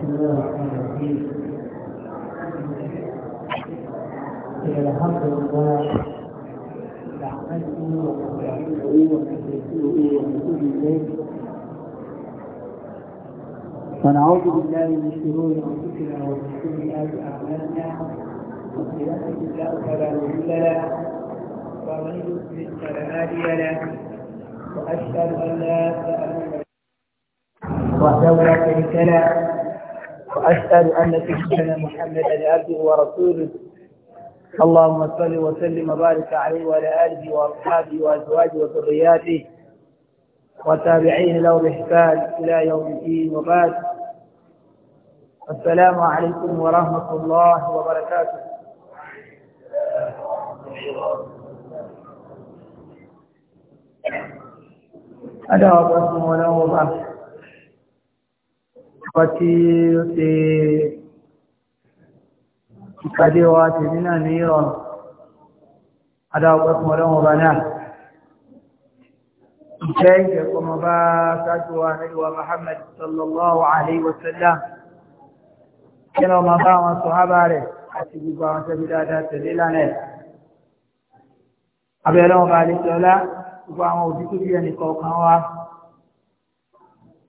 بسم الله الرحمن الرحيم إن الحمد لله ونعوذ بالله من شرور أنفسنا ومن سيئات أعمالنا من يهده الله فلا مضل له ومن يضلل فلا هادي له وأشهد أن لا إله إلا الله وحده لا شريك له وأشهد أن سيدنا محمدا عبده ورسوله اللهم صل وسلم وبارك عليه وعلى آله وأصحابه وأزواجه وذرياته وتابعيه له بإحسان إلى يوم الدين وبعد السلام عليكم ورحمة الله وبركاته أدعو الله ونوبه ọkọ̀ tí ó ṣe ìpàdé wa ti ní náà ní ìrọ̀rùn adáwọ̀pẹ́ fún ọlọ́run ọba náà ìfẹ́ ìjẹ̀kọmọ bá sáájú wa nílùú Muhammad sallallahu alaihi wasallam kí lọ ma bá wọn sọ̀hábà rẹ̀ àti gbogbo àwọn tẹ́bí dáadáa tẹ̀lé lánàá abẹ́rẹ́ bá lè sọ́lá gbogbo àwọn òbí tó bí ẹnì kọ̀ọ̀kan wa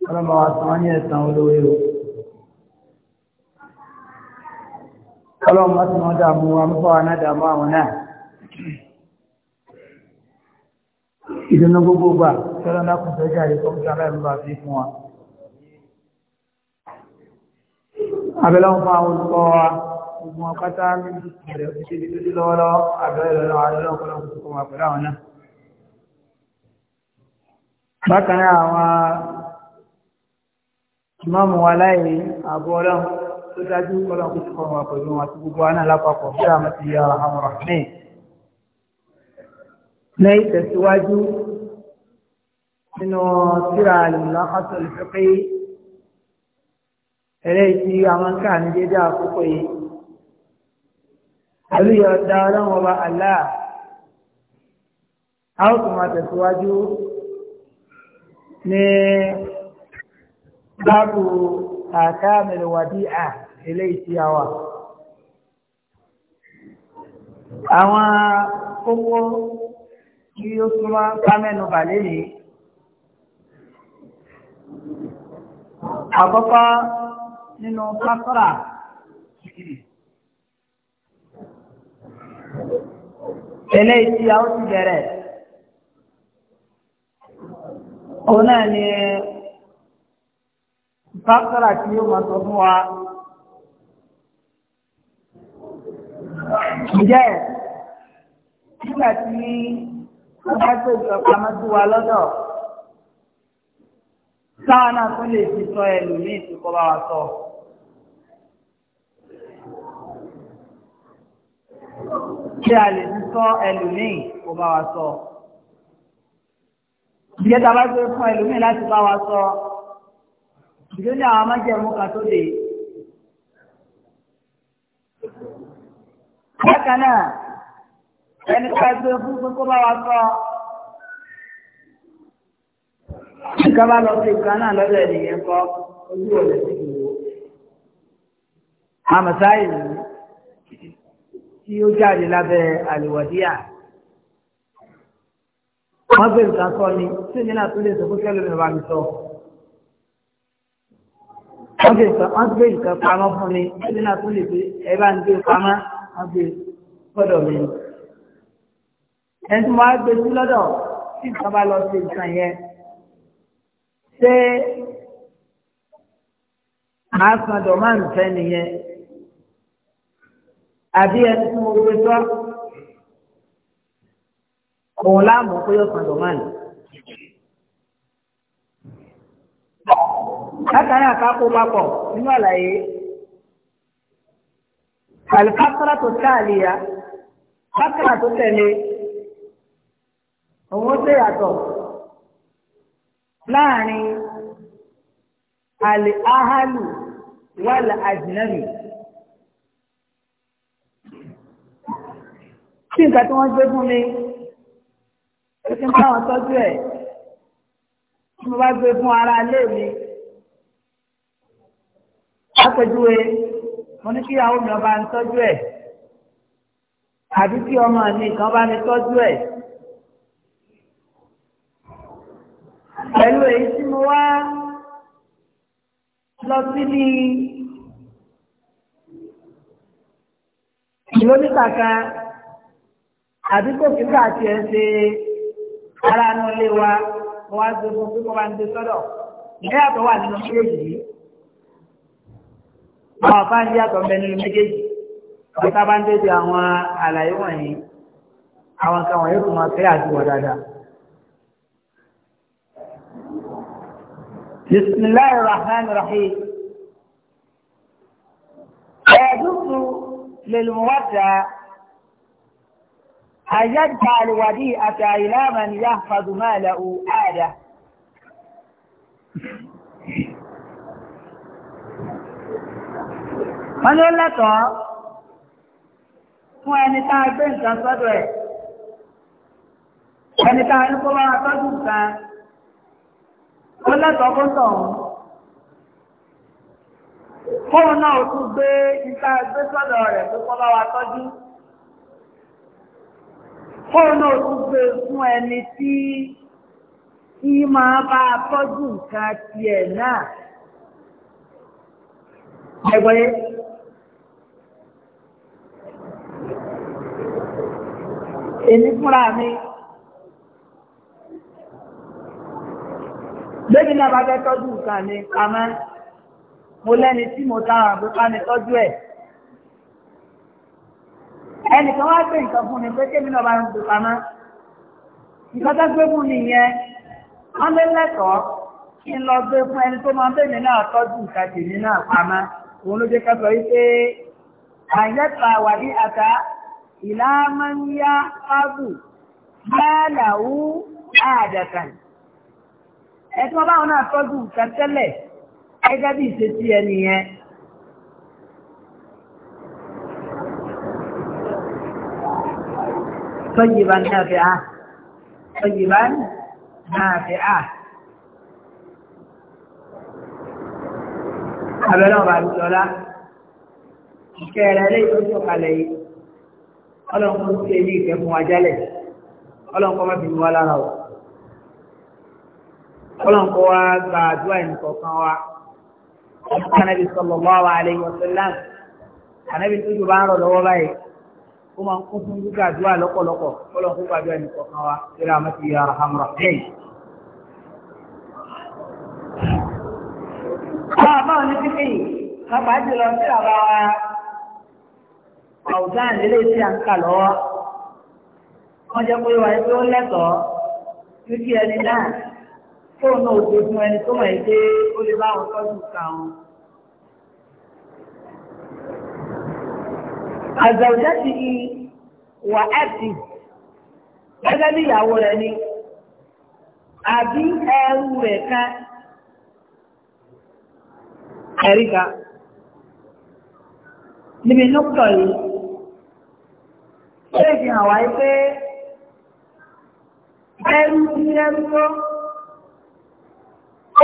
ọlọ́mọ wa sàn ní ẹ̀sán olówó o ọlọ́mọ tí wọ́n dààmú wa ń fọ́ wa náà dààmú àwọn náà ìdùnnú gbogbo gbà tọ́lọ́ náà kùn tó jáde kó ń sọ aláìmọ́ bá fi fún wa abẹ́lẹ́wọ̀n fún àwọn olùkọ́ wa gbogbo wọn pátá ní ìmáàmù wa láì àbú ọlọ́run tó dájú ọlọ́run kò ti kọ́ wa pẹ̀lú wọn àti gbogbo wa náà lápapọ̀ bí a máa ti yà àwọn rahman lẹ́yìn tẹ̀síwájú nínú tíra àlùmọ́ ọ̀sọ̀lù pípé eléyìí tí àwọn ní dédé àkókò yìí pẹ̀lú ìyọ̀dá ọlọ́run ọba aláà a ó tún máa tẹ̀síwájú ní báàbù àkáàmìlì wàdíà ilé ìtí àwà àwọn owó tí ó súnmọ́ kámẹ́nu bàlẹ́ yìí àkọ́kọ́ nínú kásọ́rà ilé ìtí ti bẹ̀rẹ̀ òun náà ni fásitì tí yóò máa sọ fún wa. ǹjẹ́ nígbà tí wọ́n bá gbé ìsọ̀pamọ́ sí wa lọ́dọ̀ sáà náà tún lè fi sọ ẹlòmíì tó kọ́ bá wa sọ. ṣé a lè fi sọ ẹlòmíì kó bá wa sọ. Ìjẹ́ ta bá gbé fún ẹlòmíì láti bá wa sọ ìdí ní àwọn amájẹ̀mú kan tó dé. bákan náà ẹni ká gbé fún pé kó bá wa sọ nǹkan bá lọ sí nǹkan náà lọ́dọ̀ ènìyàn kọ ojú òde sí ìwò. àmọ̀sáyì tí ó jáde lábẹ́ àlùwọ̀díyà wọ́n gbé nǹkan sọ ni tí èmi náà tún lè sọ fún kẹ́lómi bá mi sọ wọ́n fi nǹkan wọ́n gbé nǹkan pamọ́ fún mi ẹni náà tún lè fi ẹ bá ń gbé pamọ́ wọ́n gbé gbọ́dọ̀ mi. ẹni tí mo á gbé sí lọ́dọ̀ tí nǹkan bá lọ sí nǹkan yẹn àbí ẹni tí mo gbé sọ́ òun láàmú pé yóò san dọ̀mánù látàrí àkápò papọ̀ nínú àlàyé àlùkápọ́lá tó tá àlìyá bákàrà tó tẹ̀lé òun ó ṣe yàtọ̀ láàrin àlè áhálù wàlà àjìnàmì. tí nǹkan tí wọ́n gbé fún mi ó ti ń bá wọn tọ́jú ẹ̀ tí mo bá gbé fún ara lé mi lápẹjúwe mo ní kí àwọn ọmọ bá ń tọ́jú ẹ̀ àbí kí ọmọ mi kan bá mi tọ́jú ẹ̀. pẹ̀lú èyí tí mo wá lọ sí ní kìlómítà kan àbí kò kí ká tiẹ̀ ṣe ara nu ilé wa wọ́n á gbé fún bá ń gbé sọ́dọ̀ ìyá àtọ̀ wà nínú méjèèjì yìí àwọn àfáàní yàtọ̀ mẹ́nu méjèèjì ọ̀tá bá ń débi àwọn àlàyé wọ̀nyí àwọn kan wọ̀nyí kò máa fẹ́ àdúgbò dáadáa. bisimilahi rahman rahim ẹ̀ẹ́dùkú lèlùmọ́tà ayẹ́dùkú àlùwádìí àti àyìnlá àmàlìyá fàdùmáàlà ò wọ́n ló lẹ́tọ̀ọ́ fún ẹni tá a gbé nǹkan sọ́dọ̀ ẹ̀ ẹni tá a ní kó bá wa tọ́jú nǹkan ó lẹ́tọ̀ọ́ kó tọ̀ ọ́n fóun náà ó tún gbé nǹkan gbé sọ́dọ̀ rẹ̀ pé kó bá wa tọ́jú fóun náà ó tún gbé fún ẹni tí kí máa bá a tọ́jú nǹkan tiẹ̀ náà. Ẹgbẹ́ yẹn. èmi fúnra mi lẹ́yìn náà bá fẹ́ tọ́jú nǹkan ní kamẹ́ mo lẹ́ni tí mo dára pé ká ní tọ́jú ẹ̀ ẹnìkan wá gbé nǹkan fún mi pé kémi náà bá ń gbé kamẹ́ nǹkan tó gbé fún mi yẹn wọ́n lé lẹ́kọ̀ọ́ kí n lọ gbé fún ẹni tó máa ń bèèrè náà tọ́jú nǹkan tèmi náà pamọ́ òun ló jẹ́ ká sọ wípé àyẹ̀pà wà ní àtà ìlàmán yá ábù láàláwú àdàkàn. Ẹ̀tí wọ́n báwọn náà tọ́jú nǹkan tẹ́lẹ̀ ẹgẹ́ bí ìṣe sí ẹni yẹn. Tọ́jìbá náà fi á. Tọ́jìbá náà fi á. Àbẹ̀rẹ̀ ọ̀bà àbùjọ́lá. Ìkẹrẹ lè tó tó yìí ọlọ́run kò sí ilé ìfẹ́ fún ajálẹ̀ ọlọ́run kọ́ má bínú wa lára o ọlọ́run kọ́ wa gba àdúrà ẹnìkọ̀ọ̀kan wa ọ̀sán anábì sallallahu alaihi wasallam anábì tó jù bá ń rọ̀ lọ́wọ́ báyìí ó máa ń kún fún gbígbà àdúrà lọ́pọ̀lọpọ̀ ọlọ́run kó gbàdúrà ẹnìkọ̀ọ̀kan wa síra mọ́tì yà rahamra lẹ́yìn. báwa báwa ní kíkì yìí jùlọ sí àbáwá àwùjá ìdílé tí a ń kà lọ́wọ́ wọ́n jẹ́ pé wáyé pé ó lẹ́tọ̀ọ́ títí ẹni náà fóònù náà òde fún ẹni tó mọ̀ ẹ́ pé ó lè bá àwọn tọ́jú kà wọn. àgbàwùjá ti di wà ẹ́ẹ̀tì gẹ́gẹ́ bí ìyàwó rẹ̀ ni àbí ẹrú rẹ̀ kan ẹ̀ríkà níbi nọ́kítọ̀ yìí. Ṣé fi hàn wáyé pé ẹrú ní ẹrú tó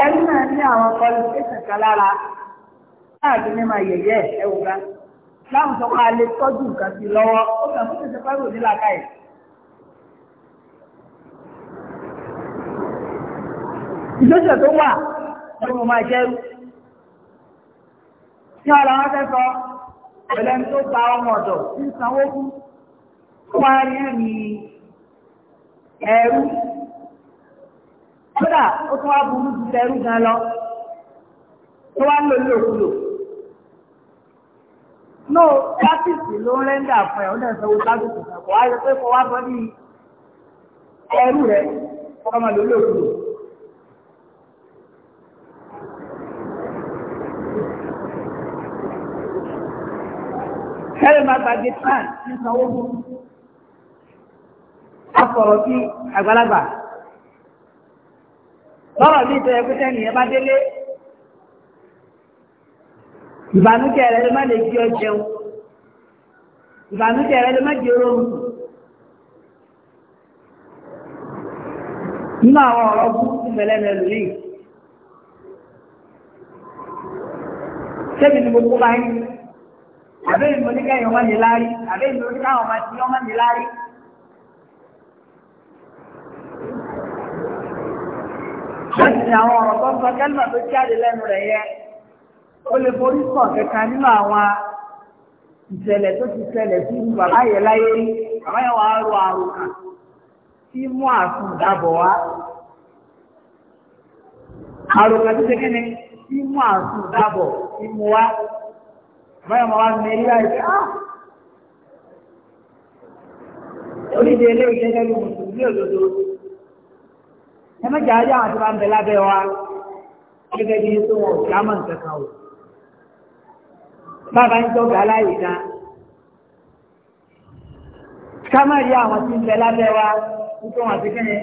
ẹrú náà ní àwọn kọlifíṣàn kan lára láàbí ní máa yẹ̀yẹ́ ẹ̀wù ga. Láwùjọ pa lè tọ́jú nǹkan sí lọ́wọ́, ó kàn fún ṣẹṣẹ pẹ́rù nílà káyìí. ìgbésẹ̀ tó wà ní mo máa jẹ́rú. Ní ọ̀la wọn fẹ́ sọ, pẹ̀lẹ́ tó gba ọmọ ọ̀dọ̀ tí sanwó fún kwáyán ni ẹ̀rú kódà ó tún wá burú ju ẹ̀rú gan lọ tó wá lò lòkulò no tábìsì ló ń rẹ́ńdà fún ẹ̀ ó dẹ̀ sanwó tábìsì kan kò wá yẹ pé kò wá bọ́ ní ẹ̀rú rẹ̀ kọ́ lò ní sanwó fún sọ̀rọ̀ sí àgbàlagbà lọ́rọ̀ ní ìtọ́ ẹgbẹ́ tẹ́ni ẹ bá délé ìbànújẹ́ rẹ ló má lè jí ọ jẹun ìbànújẹ́ rẹ ló má jí oró rùn nínú àwọn ọ̀rọ̀ burúkú mẹ́lẹ́nu ẹlòmíì sẹ́bi ni mo kó báyìí àbẹ́yìn mo ní kẹ́yìn ọmọ láárí àbẹ́yìn mo ní káwọn ọmọ láárí. ni àwọn ọ̀rọ̀ tó sọ kẹ́lìmà tó jáde lẹ́nu rẹ̀ yẹ ó lè forí sọ kẹta nínú àwọn ìṣẹ̀lẹ̀ tó ti ṣẹlẹ̀ sí ìlú bàbá yẹn láyé bàbá yẹn wàá rọ àrùkà tí mú àfún ìdábọ̀ wá. àrùkà tó ṣe kí ni tí mú àfún ìdábọ̀ tí mú wá. bàbá yẹn wàá mẹ́rí láìpẹ́ á. onídìí eléyìí gẹ́gẹ́ mùsùlùmí òdodo ẹ mẹ́jọ ayé àwọn tó bá ń bẹ lábẹ́ wa gẹ́gẹ́ bí tó wọn ò jámọ̀ nǹkankan o bàbá ń tọ́gà láyé ká ká má rí àwọn tí ń bẹ lábẹ́ wa nítorí wọn ti kẹ́yìn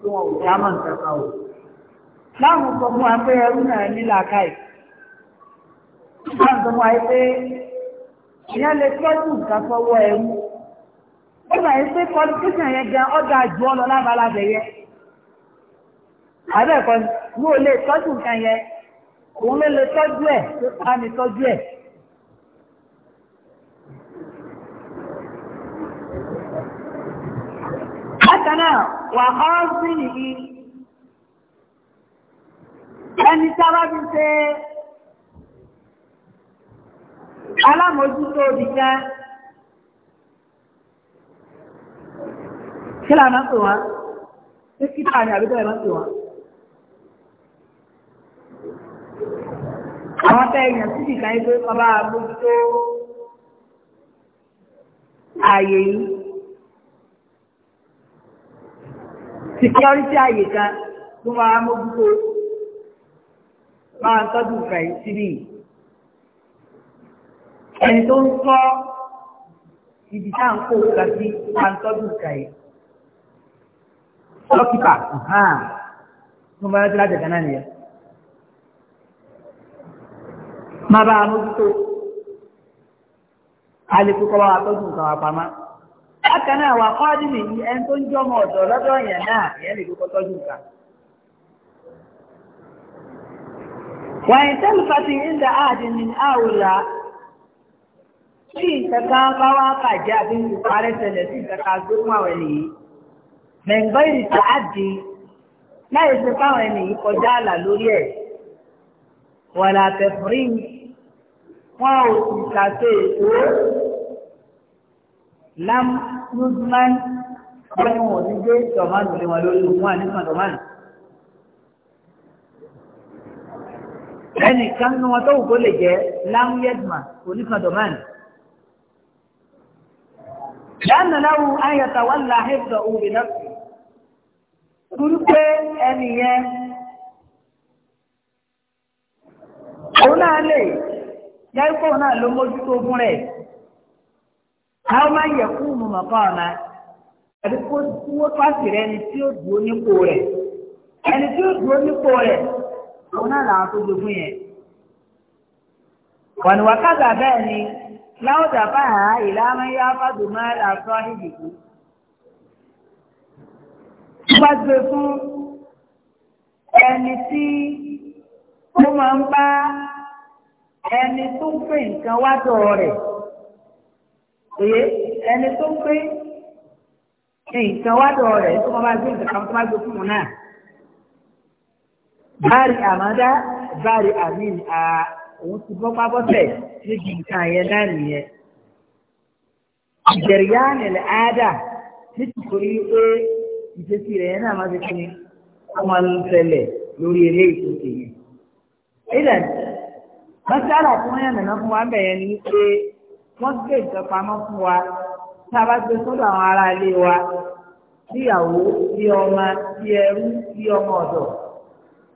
tó wọn ò jámọ̀ nǹkankan o láwọn sọ fún wa pé ẹrú náà ní làákàyè láwọn sọ fún wa pé ìyẹn lè tọ́jú nǹkan fọwọ́ ẹrú ó gbà yín pé kọ́ńtíṣàn yẹn gan ọ́dà jù ọ́ lọ lábalábẹ̀ yẹn abẹ́ẹ̀kọ́ ni mo lè tọ́jú nǹkan yẹn òun ló lè tọ́jú ẹ̀ tó bá mi tọ́jú ẹ̀. bákan náà wà á sí nìyí ẹni tí a bá fi ṣe alámòjútó òbí kí làwọn máa ń wá ṣé kíkà ni àbí bẹ́ẹ̀ máa ń pè wá. àwọn tẹ èèyàn sí ìka yín pé bàbá àbójútó ààyè yìí security ààyè kan tó máa mójútó máa ń tọ́jú ìka yìí síbí ẹni tó ń sọ ibi tá à ń kó òkúta sí máa tọ́jú ìka yìí sọ́kìpà tó máa ń tọ́jú náà nìyẹn. má bá a mójútó alẹ́kú kọ́ bá wa tọ́jú nǹkan wa pamọ́ bákan náà wà kọ́ dì nìyí ẹni tó ń jọ ọmọ ọ̀dọ̀ lọ́dọ̀ yẹn náà ìyẹn lè kókó tọ́jú nǹkan. wàyí tẹ́lẹ̀ fati ìdá ààdì ní àwùlá tí ìtẹ̀kan bá wá bàjẹ́ àbí ìparẹ́ tẹ̀lẹ̀ sí ìtẹ̀kan gbé fún àwọn ènìyàn mẹ̀ǹgbọ́ ìrìtà àdì láì ṣe fáwọn ènìyàn kọjá àlà lórí ẹ̀ wàlà àtẹ̀fúrí wọn ò sì ṣàṣe ètò lam nuzman wọn ni wọn ò ní gbé tọmánù lé wọn lórí wọn nípa tọmánù. ẹnìkan ní wọn tó wù kó lè jẹ lam yedman oníkan tọmánù. لأن له أن يتولى حفظه بنفسه torí pé ẹnìyẹn òun náà lè jẹ́ríkó náà ló mójútó fún rẹ̀ àwọn máa ń yẹ fún mọ̀mọ́kọ́ ọ̀nà àbí kó wó pàṣẹ rẹ ẹni tí ó dúró nípò rẹ̀ ẹni tí ó dúró nípò rẹ̀ òun náà làwọn tó ni láwùjọ báyà ìlànà yá fàdùmá ẹni tí máa ń ẹni tó gbé nǹkan wá dọ̀ rẹ̀ èyí ẹni tó gbé nǹkan wá dọ̀ rẹ̀ tó máa gbé nǹkan kan tó máa gbé fún un náà. báàrí àmọ́dá báàrí àmín à òun ti bọ́ pábọ́sẹ̀ níbi nǹkan yẹn náà nìyẹn. ìjẹ̀rìyá nílẹ̀ áádà nítorí pé ìṣesí rẹ̀ yẹn náà máa ti pín ọmọ ń tẹ̀lẹ̀ lórí eré ìtòkè yẹn mọ́sálà tí wọ́n yànnàná fún wa bẹ̀yẹn ni pé wọ́n gbé ìtọ́pamọ́ fún wa tá a bá gbé sọ́dọ̀ àwọn ará ilé wa bí ìyàwó bí ọmọ bí ẹrú bí ọmọ ọ̀dọ̀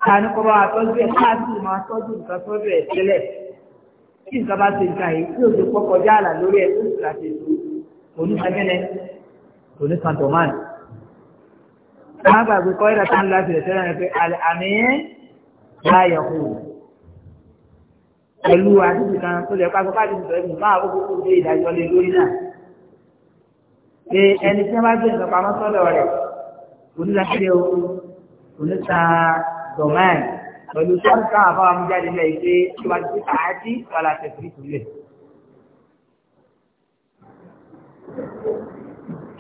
ta ni kọ́ bá wa tọ́jú ẹ̀ káàtì máa tọ́jú nǹkan tọ́jú ẹ̀ tẹ́lẹ̀ kí nǹkan bá ti gbà yìí tí òjò pọ̀ kọjá àlà lórí ẹ̀ tó sì láti ètò onísàgẹ́nẹ́ onísàntọ̀mánì. Àwọn àgbàgbé kọ́ ẹ̀dá tá ń lọ àti ìrẹsẹ̀ pé àmì láyọ̀ kúrò pẹ̀lú àdúgbò kan tó lè pa sọ́kà àdúgbò ẹ̀mí máa kókó kó gbé ìdájọ́ lé lórí náà. Ṣé ẹni tí wọ́n bá gbé ìjọba pamọ́ sọ́dọ̀ rẹ̀ kò ní o kò ní ta dọ̀mán pẹ̀lú sọ́dọ̀ táwọn afáwọn mú jáde lẹ́yìn pé tí wọ́n ti ta àti wàhálà tẹ̀sí ìtúlẹ̀.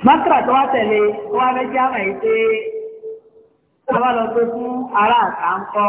Mákàrà tó wá tẹ̀lé wọ́n á fẹ́ jẹ́ àmọ̀ yìí pé wọ́n bá lọ pé fún ará àtàǹkọ́.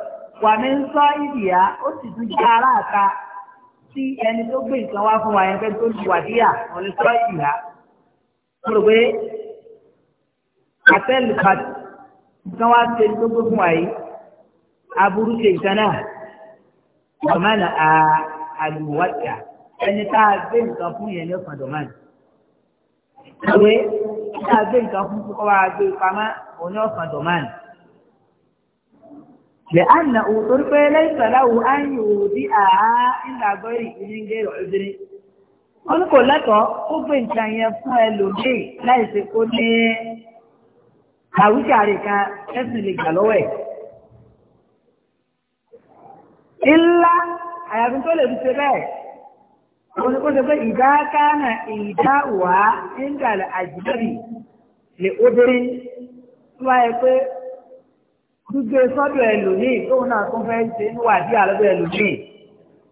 wà mí ń sọ ìdìyà ó sì tún jẹ́ aráàta tí ẹni tó gbé nǹkan wá fún wa yẹn fẹ́ tó ju wàdíyà wọn lè sọ ìdìyà. mo rò pé àtẹ́lù pàtó nǹkan wá ṣe tó gbé fún wa yìí aburú ṣe ìtàn náà dọ̀mánà àlùwàjà ẹni tá a gbé nǹkan fún yẹn ní ọ̀sán dọ̀mánà. ìwé tá a gbé nǹkan fún kókó wa gbé pamọ́ òun ní ọ̀sán lè ànà òtórí pé lẹ́sàláwò áyùn òdí àá ńlágbọ́rì ìrìngẹ̀rọ̀ obìnrin wọn ní ó gbé nǹkan yẹn fún ẹlòmíì láì kó ní àwùjáre kan ẹ̀sìn lè gbà lọ́wọ́ ẹ̀. ńlá àyàfi tó lè fi ṣe bẹ́ẹ̀ wọn ní ṣe pé ìdá kánà ìdá ń lè wáyé pé gbígbé sọ́dọ̀ ẹlòmíì tóun náà tún fẹ́ ṣe ń wà bí àlọ́dọ̀ ẹlòmíì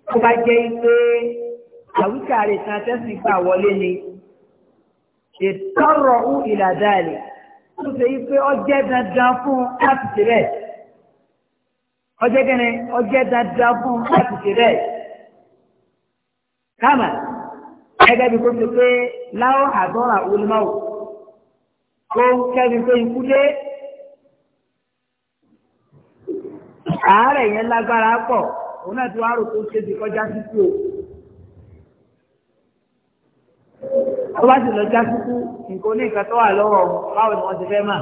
tó bá jẹ́ pé àwíkàrè kan tẹ́sí gbà wọlé ni ìtọ́rọ̀ ú ìlàdá rẹ̀ tó ṣe pé ó jẹ́ dandan fún láti ṣe bẹ́ẹ̀ ó jẹ́ kẹ́ni ó jẹ́ dandan fún láti ṣe bẹ́ẹ̀ kama gẹ́gẹ́ bí kò ṣe pé láwọn àdọ́rà olùmọ̀wò tó ń pé ikú dé. àárẹ̀ yẹn lágbára pọ̀ òun náà ti wá rò tó ṣe ti kọjá síkú o tó bá sì lọ já síkú nǹkan oníkan tó wà lọ́wọ́ báwo ni wọ́n ti fẹ́ mà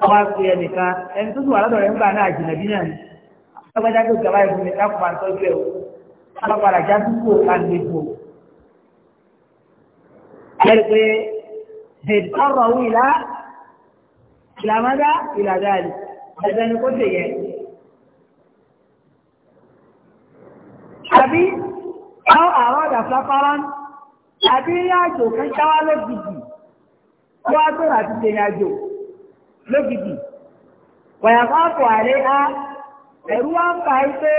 wọ́n wá pe ẹnìkan ẹni tó sì wà lọ́dọ̀ rẹ̀ ń gbà náà jìnnà bí náà ni lọ́gbàdá tó gbà báyìí fún mi káàkó máa tọ́jú ẹ̀ o wọ́n padà já síkú o ká lè bò. ẹ̀rí pé ẹ̀dọ́rọ̀ wù ilá ìlàmọ́dá ìlàdáàlì àbí àwọn àrọ́dà àbí ìrìnàjò kan jáwá lógidì tó wá tó rà ti ṣèrìnàjò lógidì wàyàkọ́pọ̀ àrẹ á ẹ̀rú wá ń fa ipé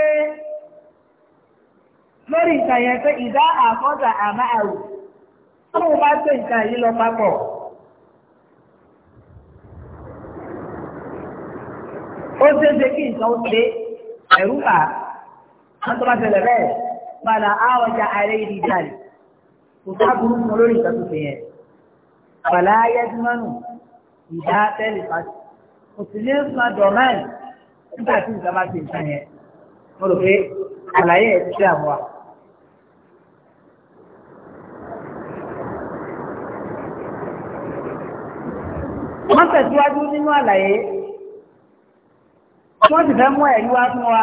lórí nǹkan pé ìdá àkọ́dà àmà àrù tó bá tó nǹkan yìí lọ papọ̀ ó ṣeéṣe kí ó ṣe ẹ̀rú àtọ́bá tẹ̀lẹ̀ bẹ́ẹ̀ padà áwọ̀jà ààrẹ ìdí ìdálẹ̀ kò sáàbùrú fún olórí ìkan tó fi yẹn pàlà ayédúmọ́nù ìdá tẹ́lẹ̀ pàṣẹ kò sì ní ma dọ̀mán nígbà tí nǹkan bá ti ń sàn yẹn mo rò pé àlàyé ẹ̀ ti ṣe àwọn wa. wọ́n tẹ̀síwájú nínú àlàyé wọ́n sì fẹ́ mú ẹ̀rí wá fún wa.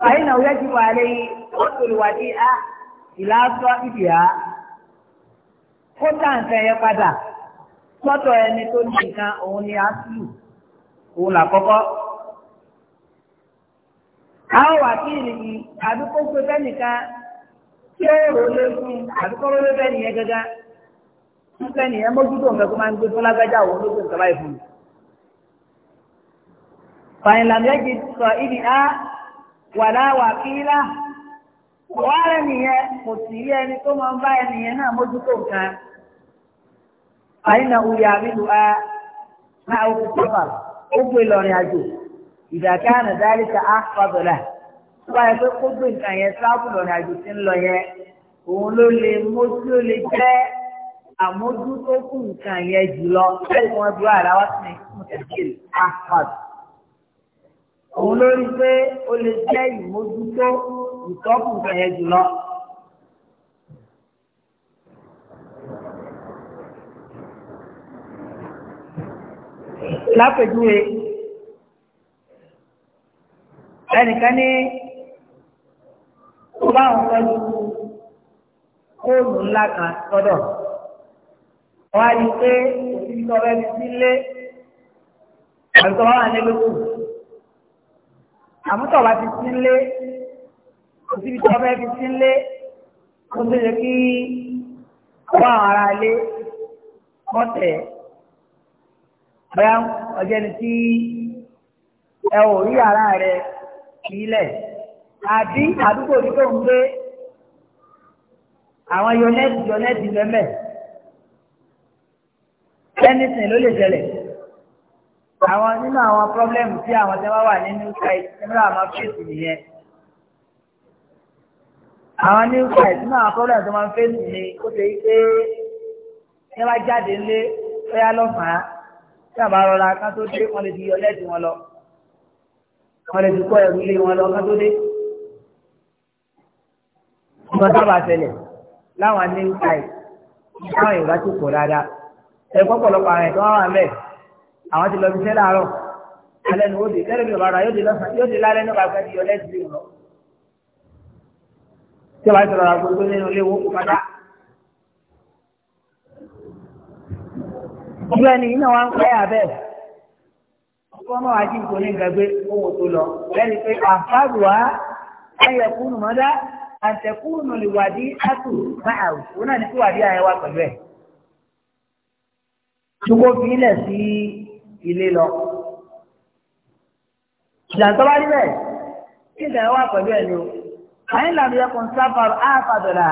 فإنه يجب عليه رد الوديعة إلى صاحبها kódà nǹkan yẹn padà sọ́dọ̀ ẹni tó ní nǹkan òun ni aṣù òun làkọ́kọ́. a ó wà kí ìrìnyìn àdúgbò pé bẹ́nìkan tí ó rò lé fún àdúgbò mójútó nǹkan máa ń gbé fún lágbájá òun ló gbé nǹkan báyìí fún mi. sọ á wàlá wàkílà wàhálà nìyẹn kò sí ilé ẹni tó máa ń bá ẹnìyẹn náà mójútó nǹkan àyínà òye àmìlú a máa ó fi sọ́fà ó gbé lọ́rin àjò ìdàkẹ́ àná dáríkà á fàbọ̀là tó bá yẹ pé kó gbé nǹkan yẹn sáàbù lọ́rin àjò ti ń lọ yẹn òun ló lè mójú ó lè jẹ́ àmójútó fún nǹkan yẹn jùlọ bẹ́ẹ̀ ni wọ́n dúró àrà sí ní ìmúkẹ́kẹ́ á fàbọ̀là òun ló rí pé ó lè jẹ́ ìmójútó ìtọ́kùn fẹ̀yẹ jùlọ. lápèjúwe ẹnìkan ní tó bá wọn tọ́jú fóònù ńlá kan sọ́dọ̀ wọ́n á rí pé òfin tọrẹ ní sílé àti tọrọ wà nílùú àmútọ̀ bá ti sí ńlé kò síbi tí wọ́n fẹ́ fi sí ńlé kó tó yẹ kí wọ́n àwọn ará ilé wọ́n tẹ̀ bóyá ọjọ́ ni tí ẹ ò rí ara rẹ̀ sílẹ̀ àbí àdúgbò ní tó ń gbé àwọn yọnẹ́tì yọnẹ́tì lẹ́mẹ̀ ẹnìsìn ló lè ṣẹlẹ̀ àwọn nínú àwọn pọ́blẹ́mù tí àwọn tí wọ́n wà nínú ṣáìtì nínú àwọn fèsì nìyẹn àwọn ní ṣáìtì nínú àwọn pọ́blẹ́mù tó máa ń fèsì ni ó ṣe yí pé tí wọ́n jáde ńlé fẹ́yà lọ́fàá tí àbá rọra kán tó dé wọ́n lè di ọlẹ́dì wọn lọ wọ́n lè ti kọ́ ẹ̀rú lé wọn lọ kán tó dé wọ́n sábà ṣẹlẹ̀ láwọn ní ṣáìtì táwọn Yorùbá ti dáadáa ẹ̀ pọ́pọ̀lọpọ̀ àwọn ẹ̀ tó wà mẹ́ẹ̀ àwọn ti lọ bí sẹ́ láàárọ̀ alẹ́ ni ó di lẹ́rù mi ọ̀bára yóò di lọ́sàn yóò di lálẹ́ nípa fẹ́ di ọlẹ́ ti lọ. tí wàá sọ̀rọ̀ àgbo tó nínú ilé owó kò padà. ìgbà ni iná wa ń pẹ́ abẹ́ ọkọ ọmọ wa jí nǹkan ní nǹkan gbé owó tó lọ lẹ́ni pé àfáàrù wa ẹ̀yẹ kúnnù mọ́dá àtẹ̀kúnnù lè wàdí àtù máa òun náà ní kí wàdí àyẹ̀wò pẹ̀lú ẹ̀. Tukọ̀ fi ilẹ̀ sí ilé lọ. ìyàtọ̀ bá rí bẹ́ẹ̀ kí ìdàrẹ́ wà pẹ̀lú ẹ̀ ni o. àyìn làbí ẹkùn sáfàrọ̀ á fàdọ̀là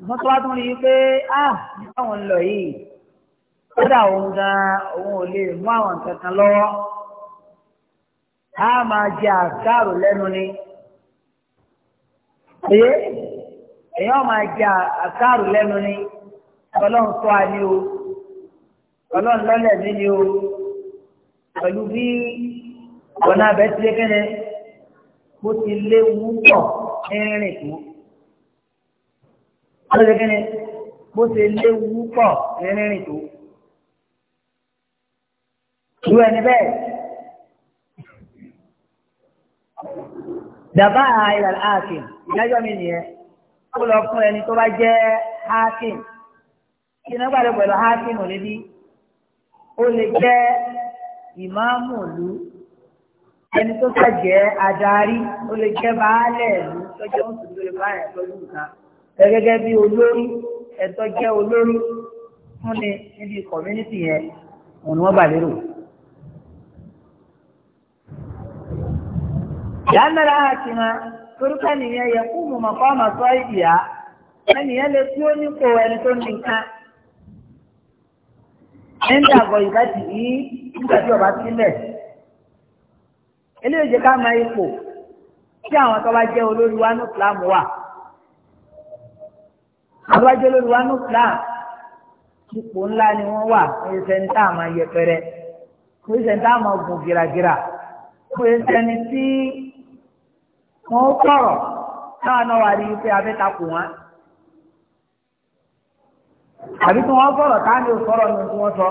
ìfún tó bá tún rí i pé á báwọn lọ yìí kódà òun gan òun ò lè mú àwọn nǹkan kan lọ́wọ́ á máa jẹ àṣàrò lẹ́nu ni. Èyí èyàn máa jẹ àṣàrò lẹ́nu ni. Ọlọ́run sọ àní o. Ọlọ́run lọ́lẹ̀ mí ni o pẹ̀lú bí ọ̀nà abẹ́ ti lékẹ́nẹ́ bó ti léwu pọ̀ ẹ̀rìn tó. Ó lékẹ́nẹ́ bó ti léwu pọ̀ ẹ̀rìn tó. Irú ẹni bẹ́ẹ̀. Dàbá àìlàlá ààkìn, ìdájọ́ mi nìyẹn. Ó lọ fún ẹni tó bá jẹ́ ààkìn. Ìnáwó àdébọ̀lọ́ ààkìn ò níbí. Ó lè jẹ́ ìmáàmù ìlú ẹni tó fẹ́ jẹ́ adarí ó lè jẹ́ baálẹ̀ ìlú tọ́jú oṣù tó lè bá ẹ̀ tọ́jú nǹkan gẹ́gẹ́ bí olórí ẹ̀tọ́ jẹ́ olórí fún níbi community yẹn òun ni wọ́n bà lérò. torúkẹ́ nìyẹn yẹ kó ẹnìyẹn lè nígbà àgọ́ ìgbà tì í nígbà tí ọba sílẹ̀ eléyìí jẹ́ ká máa ipò tí àwọn tó bá jẹ́ olórí wa ní Islam wà àwọn tó bá jẹ́ olórí wa ní Islam ipò ńlá ni wọ́n wà ní sẹ́ńtà máa yẹpẹrẹ ní sẹ́ńtà máa gùn gìràgìrà ní sẹ́ni tí wọ́n kọ̀rọ̀ náà náà wà ní ife abẹ́takùn wọn àbí tí wọ́n sọ̀rọ̀ káàdì sọ̀rọ̀ ní tí wọ́n sọ.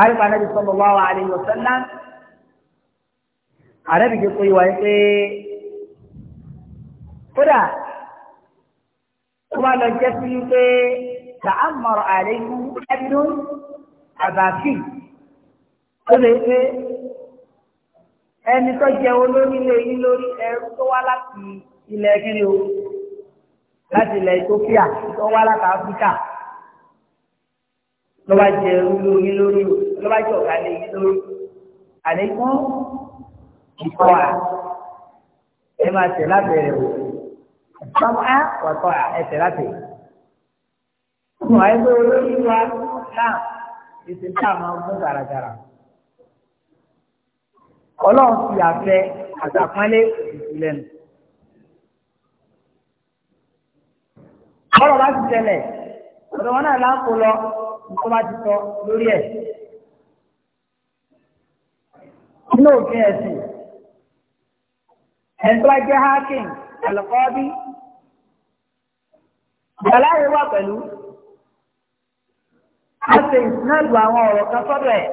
àyíká nàbì sallallahu alaihi wasallam àrẹ́bìgẹ́ pé wáyé pé kódà tó bá lọ jẹ́ sí pé tààmọ̀rọ̀ àlejò ẹbí ló àbàfì tó lè pé ẹni tó jẹ olórí ilé yín lórí ẹrú tó wá láti ilẹ̀ kiri o láti ilẹ̀ Ethiopia tó wá láti Áfíríkà ló bá jẹ olú yín lórí o ló bá jẹ ọ̀gá lé yín lórí àlékún ìkọ́ à ẹ máa tẹ̀ lábẹ́rẹ́ o sọ́mọ́ á wọ̀tọ́ à ẹ tẹ̀ o. Àwọn olórí wa náà ìsìn tá a máa ń gàràgàrà ọlọ́run ti àfẹ àtàpọ́nlé ìsìlẹ̀ nù. ọ̀rọ̀ bá ti ṣẹlẹ̀ ọ̀dọ̀ wọn náà láǹkó lọ nǹkan bá ti sọ lórí ẹ̀. nínú òfin ẹ̀sìn ẹ̀ńtọ́ jẹ́ hákìn àlùkọ́bí ìgbàláyé wà pẹ̀lú a ṣe ìsinádùn àwọn ọ̀rọ̀ kan sọ́dọ̀ ẹ̀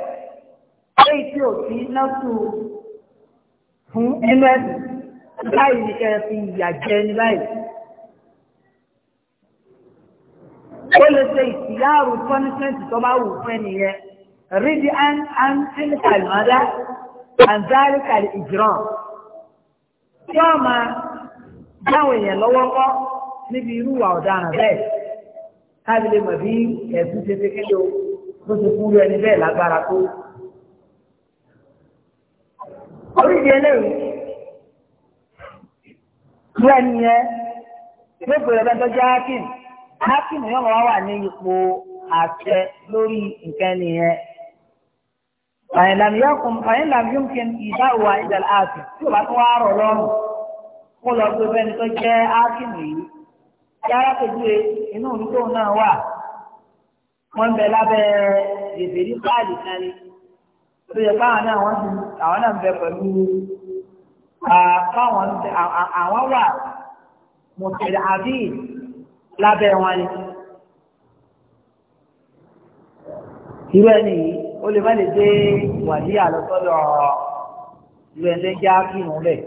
léyìí tí ò náà sùn fún ms láì ní kẹ́ fi ìyà jẹ ní láì. ó lè ṣe ìsìyàrú punishment tó bá wù fún ẹnìyẹn rídi an an tẹ́lifàl mọ́dá anzálíkàl ìjìrán tí wọ́n máa dáwọn èèyàn lọ́wọ́ kọ́ níbi irú ìwà ọ̀daràn bẹ́ẹ̀ káàbílẹ̀ mọ̀ bí ẹ̀sùn ṣe fi kéde o bó ṣe fún irú ẹni bẹ́ẹ̀ lágbára tó orí ìdí eléyìí bí ẹni yẹn ló pèrè bẹ́ẹ̀ tó jẹ́ hakim hakim yóò máa wà ní ipò àṣẹ lórí nǹkan nìyẹn fàyìn làmì yọkùn fàyìn làmì yọkùn ìdá òwà ìdàlẹ́ àti tí o bá tún wá rọ̀ lọ́rùn kó lọ pé bẹ́ẹ̀ ni tó jẹ́ hakim yìí yàrá pẹ̀lú e, inú òdúgbò náà wà wọ́n ń bẹ lábẹ́ bèbèrè báàlì kan ni tó yẹ káwọn náà wọ́n ti àwọn náà ń bẹ pẹ̀lú káwọn àwọn wà mọ̀tẹ̀lẹ̀ àbí lábẹ́ wọn ni. irú ẹni yìí ó lè má lè dé wàlíà lọ́sọ́dọ̀ irú ẹni tó ń já kírun bẹ́ẹ̀.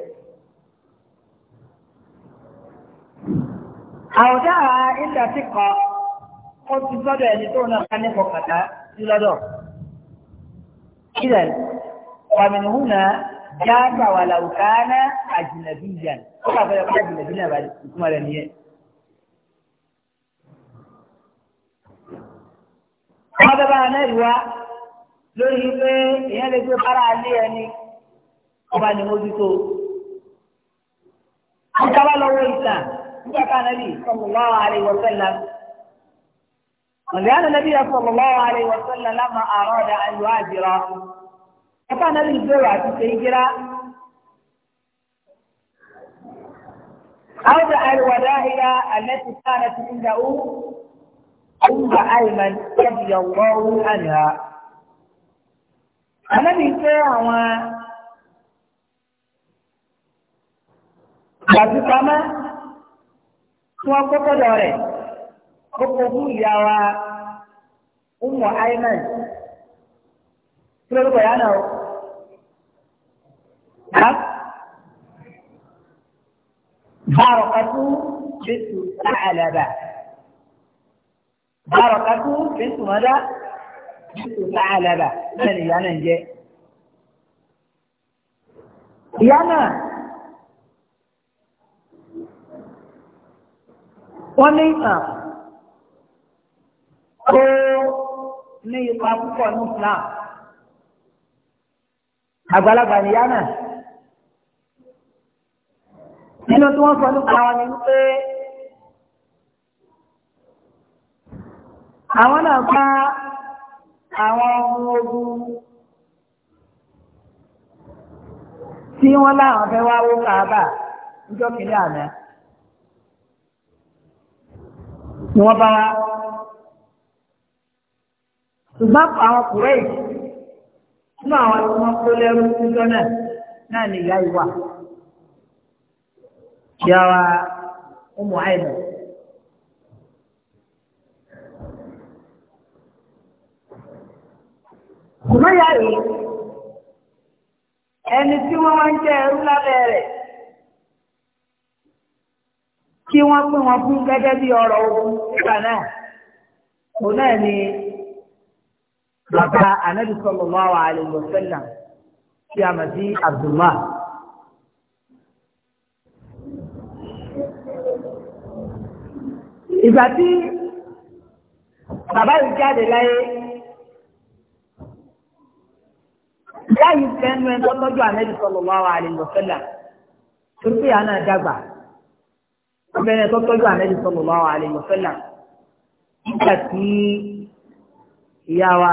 àwùjọ àwọn ìdàtí kan ó ti sọ́dọ̀ ẹni tó náà ká ní kọ̀kàtà sí lọ́dọ̀. إذا ومن هنا جاك ولو كان أجنبيا ولا فيقول أجنبيا بعد ما لنيا هذا بقى نجوى لوه في هنا لجوى قرأ لي يعني وما نموذيتو وكما لو إسلام وكما كان نبي صلى الله عليه وسلم ولأن النبي صلى الله عليه وسلم لما أراد أن يهاجر ẹ̀ka anábì gbèrò àti ṣe ìjírá. Àwọn àìwàdá ìyá àlẹ́tì sára ti ń dàú. Ọmọ àìmọ̀ ẹ̀bí ọ̀wọ́ orí àná. tí lọ kókó fún ìyá wa ها نعم. بارقة بنت ثعلبة بارقة بنت ماذا؟ بنت ثعلبة من يانا جي يانا ونيقا ó ní ipa púpọ̀ ní Islam àgbàlagbà ni ipa pupo ni islam agbalagba nínú tí wọ́n sọ nípa wọn ni wípé àwọn náà bá àwọn ohun ogun tí wọ́n láwọn fẹ́ wá wó káàbà níjọ́ kìíní àná ni wọ́n bá wá. ṣùgbọ́n àwọn kùrẹ́ẹ̀tì nínú àwọn tí wọ́n kó lẹ́rú níjọ́ náà náà ni ìyá ìwà cewa umu aibu kuma ya yi ẹni tí wọ́n wá jẹ́ ẹrú lábẹ́ kí wọ́n pín wọn fún gẹ́gẹ́ bí ọ̀rọ̀ ogun nígbà náà òun náà ni bàbá anabi sallallahu alaihi wasallam tí a mọ̀ sí ìgbà tí bàbá yìí jáde láyé ìyá yìí fẹ́nu ẹ̀ tọ́jú ànábì sallallahu alaihi wasallam tó pé àná dàgbà ọmọbìnrin ẹ̀ tọ́jú ànábì sallallahu alaihi wasallam nígbà tí ìyá wa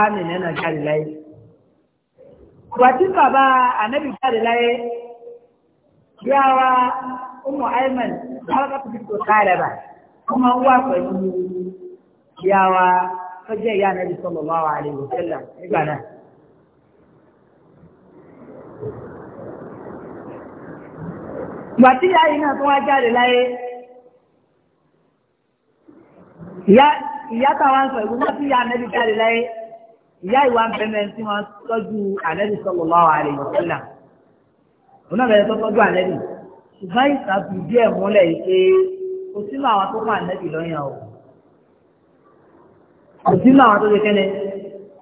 ámì nínú jáde láyé. Ìgbà tí bàbá ànábì jáde láyé ìyá wa Ummu Ayman alákàtúntì tó sáré báyìí wọ́n máa ń wà pẹ̀lú ìyá wa tó jẹ́ ìyá Ànábì sallallahu alaihi wasallam nígbà náà. ìgbà tí ìyá yìí náà tó wá jáde láyé ìyá táwa ń sọ ìwé náà tí ìyá Ànábì jáde láyé ìyá ìwà ń bẹ̀rẹ̀ tí wọ́n tọ́jú Ànábì sallallahu alaihi wasallam òun náà bẹ̀rẹ̀ tó tọ́jú Ànábì ṣùgbọ́n ìtàkùn díẹ̀ múlẹ̀ yìí pé kò sínú àwọn tó wà nẹ́bì lọ́yàn o kò sínú àwọn tó ṣe kẹ́lẹ́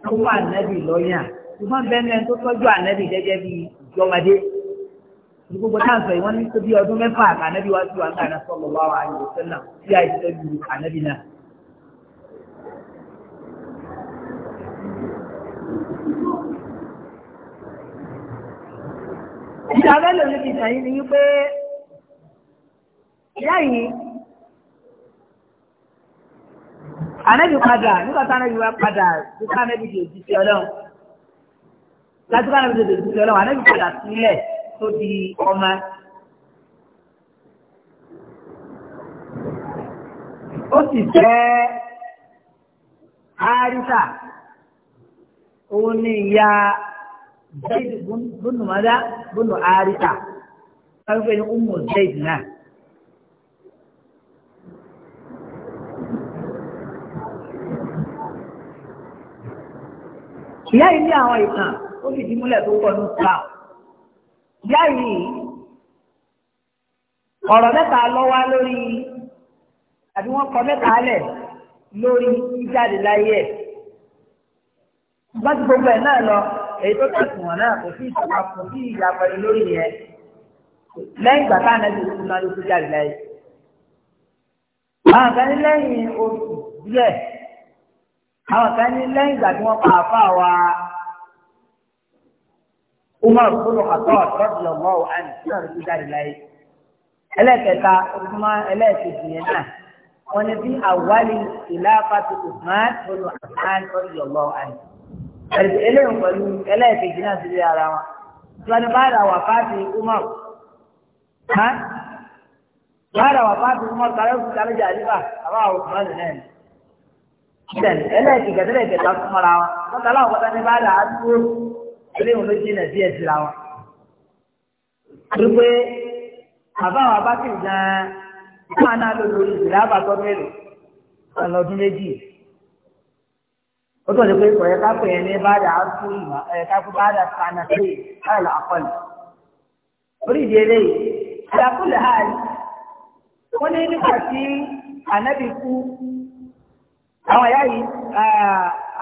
tó wà nẹ́bì lọ́yàn ṣùgbọ́n bẹ́ẹ̀ tó tọ́jú ànẹ́bì gẹ́gẹ́ bí ìjọmọdé gbogbo táǹsọ̀ yìí wọ́n ní tó bí ọdún mẹ́fà ànẹ́bì wá sí náà sọ̀rọ̀ wá wàá yóò sẹ́nà tí a ìṣẹ́ ànẹ́bì náà. ìdá mélòó ni kìtà yìí ni wípé ìyá ànábì padà nígbà tí ànábì wá padà nígbà tí ànábì ṣe òjijì ọlọ́run láti ká ànábì ṣe òjijì ọlọ́run ànábì padà sílẹ̀ tó di ọmọ. ó sì fẹ́ àríṣà òun ni ìyá zayd bùnú mọ́dá bùnú àríṣà wọ́n fẹ́ ní umu zayd náà. ìyá yìí ní àwọn ìtàn ó fìdí múlẹ̀ tó pọ̀ ní islam ìyá yìí ọ̀rọ̀ mẹ́ta ló wà lórí àbí wọ́n kọ mẹ́ta lẹ̀ lórí jíjáde láyé ẹ̀ gbọ́dọ̀ gbogbo ẹ̀ náà lọ èyí tó tẹ̀sùn wọn náà kò sí ìjọba kò sí ìyàpọ̀ ẹ̀ lórí yẹn lẹ́yìn ìgbà táwọn ẹ̀sìn tó náà ló tó jáde láyé. àwọn àgbà ní lẹ́yìn oṣù díẹ̀ àwọn kan ní lẹ́yìn ìgbà tí wọ́n pa àfa wa umar bolo àtọ́ àtọ́jú lọ́wọ́ àmì tí wọ́n ti jáde láyé ẹlẹ́kẹta ọdúnmọ́ ẹlẹ́kẹjì yẹn náà wọ́n ní bí àwálì ìlàpàtì usman bolo àtọ́jú lọ́wọ́ àmì ẹ̀rì eléyìí pẹ̀lú ẹlẹ́kẹjì náà ti rí ara wọn tí wọ́n bá ra wà fáàtì umar bá ra wà fáàtì umar kárẹ́ òkúta méjì àdìbà àbá òkúta lẹ́yìn. ìdẹ̀ni ẹlẹ́ẹ̀kì gẹ̀dẹ́lẹ̀kẹta súnmọ́ra wọn lọ́tà láwọn ọ̀pọ̀ta ní báyìí àádúró ilé ìwọ̀n ló e díẹ̀ síra wọn. torí pé bàbá àwọn abákìrì gan máa náà ló lórí ìsìlẹ̀ àbàtọ́ mélòó ọlọ́dún méjì. ó tọ́jú pé kọ̀yẹ́ kápẹ́ yẹn ní ìmọ̀ ẹ̀ kápẹ́ orí ìdí eléyìí wọ́n ní àwọn ẹ̀yà yìí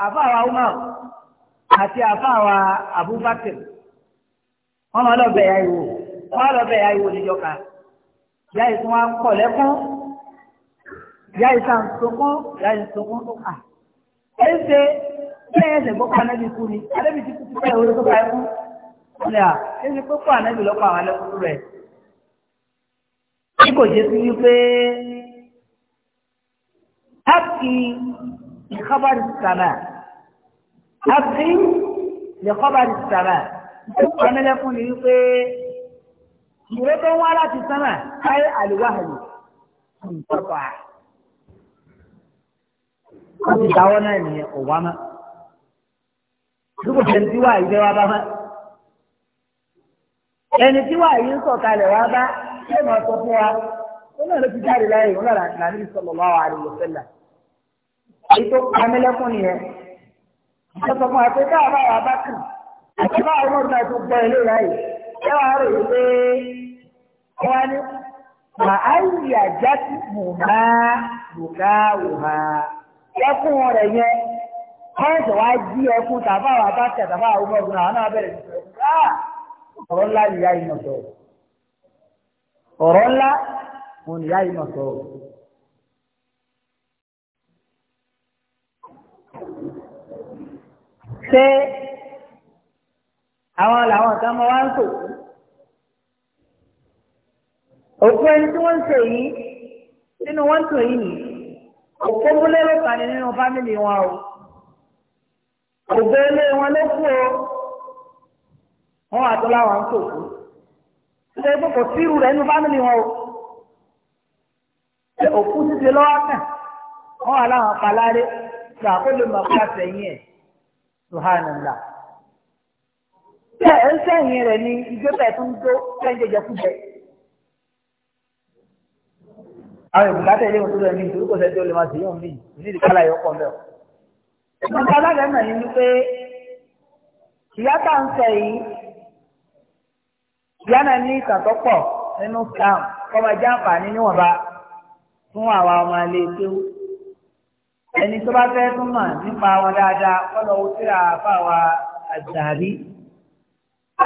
àfáàwà Umar àti àfáàwà Abubakar wọ́n máa lọ bẹ̀ ẹ̀yà ìwò wọ́n máa lọ bẹ̀ ẹ̀yà ìwò níjọ kan ìyá yìí tún wá ń kọ̀ lẹ́kún ìyá yìí sàn sunkún ìyá yìí sunkún tó kà ẹ ń ṣe bí ẹ̀yẹ ṣẹ̀gbọ́ pa anábì kú ni anábì ti kú ti pẹ́ orí tó pa ẹkún wọ́n ní à ẹ ń ṣe pé kó anábì lọ́pọ̀ àwọn alẹ́kùn rẹ̀ kí kò jẹ́ sí wípé أبكي لخبر السماء أبكي لخبر السماء أنا لكم يقول يريدون ولا السماء أي الوهل انقطع أبي دعونا إن قوامة Dúkò ṣe ti wá ìgbé wa bá mọ́. Ẹni tí wà yìí ń sọ̀kalẹ̀ wá bá ṣé màá sọ fún wa. Ó náà ló ti jáde láyé, ó náà là ní sọ̀lọ̀ lọ́wọ́ àdìyẹ sẹ́là èyí tó pamílẹ́kùn nìyẹn wọ́n sọ fún wa pé káà bá wàá bá kàn àti bá àwọn ọmọdé tó gbọ́ ilé rẹ̀ yìí ẹ wàá rò yìí pé wọ́n ní mà á yìí àjá sí mùmá bùká wùmá ẹkún rẹ̀ yẹn kọ́ọ̀tù wa jí ẹkún tàbá wàá bá kẹ̀ tàbá àwọn ọmọdé náà náà bẹ̀rẹ̀ sí ọ̀rọ̀ ńlá nìyá yìí mọ̀ sọ̀rọ̀ ọ̀rọ̀ ńlá òun nìyá yìí mọ̀ sọ̀rọ̀. ṣé àwọn làwọn kan máa wá ń sòkú òkú ẹni tí wọ́n ń sè yìí nínú wọ́n ń tò yìí nìyí òkú múlẹ́rù kan ní nínú fámìlì wọn o òbẹ́ ilé wọn ló kú o wọn àti láwọn ń sòkú ṣé pé kò sírù rẹ̀ nínú fámìlì wọn o òkú ti ṣe lọ́wọ́ kàn wọn àláwọn paláre gbà kó lè mọ̀ pé àtẹ̀yìn ẹ̀. Subhanallah. Bẹ́ẹ̀ sẹ́yìn rẹ̀ ni ìgbésẹ̀ tó ń tó sẹ́yìn jẹjẹkújẹ. Àwọn ìbùkátà ilé wọn tó lọ ní ìdúró kò sẹ́yìn tó lè máa ṣe mí ní ìdíkálà yóò pọ̀ mẹ́ọ̀. Ìgbàgbọ́ alága náà ni wípé ìyá tá ń sọ yìí ìyá náà ní ìtàn tó pọ̀ nínú scam kọ́ máa jẹ́ àǹfààní níwọ̀nba fún àwa ọmọ alẹ́ kéwú ẹni tó bá fẹ́ tún mọ̀ nípa wọn dáadáa kọ́lọ̀ owó tí ra fáwa àjàrí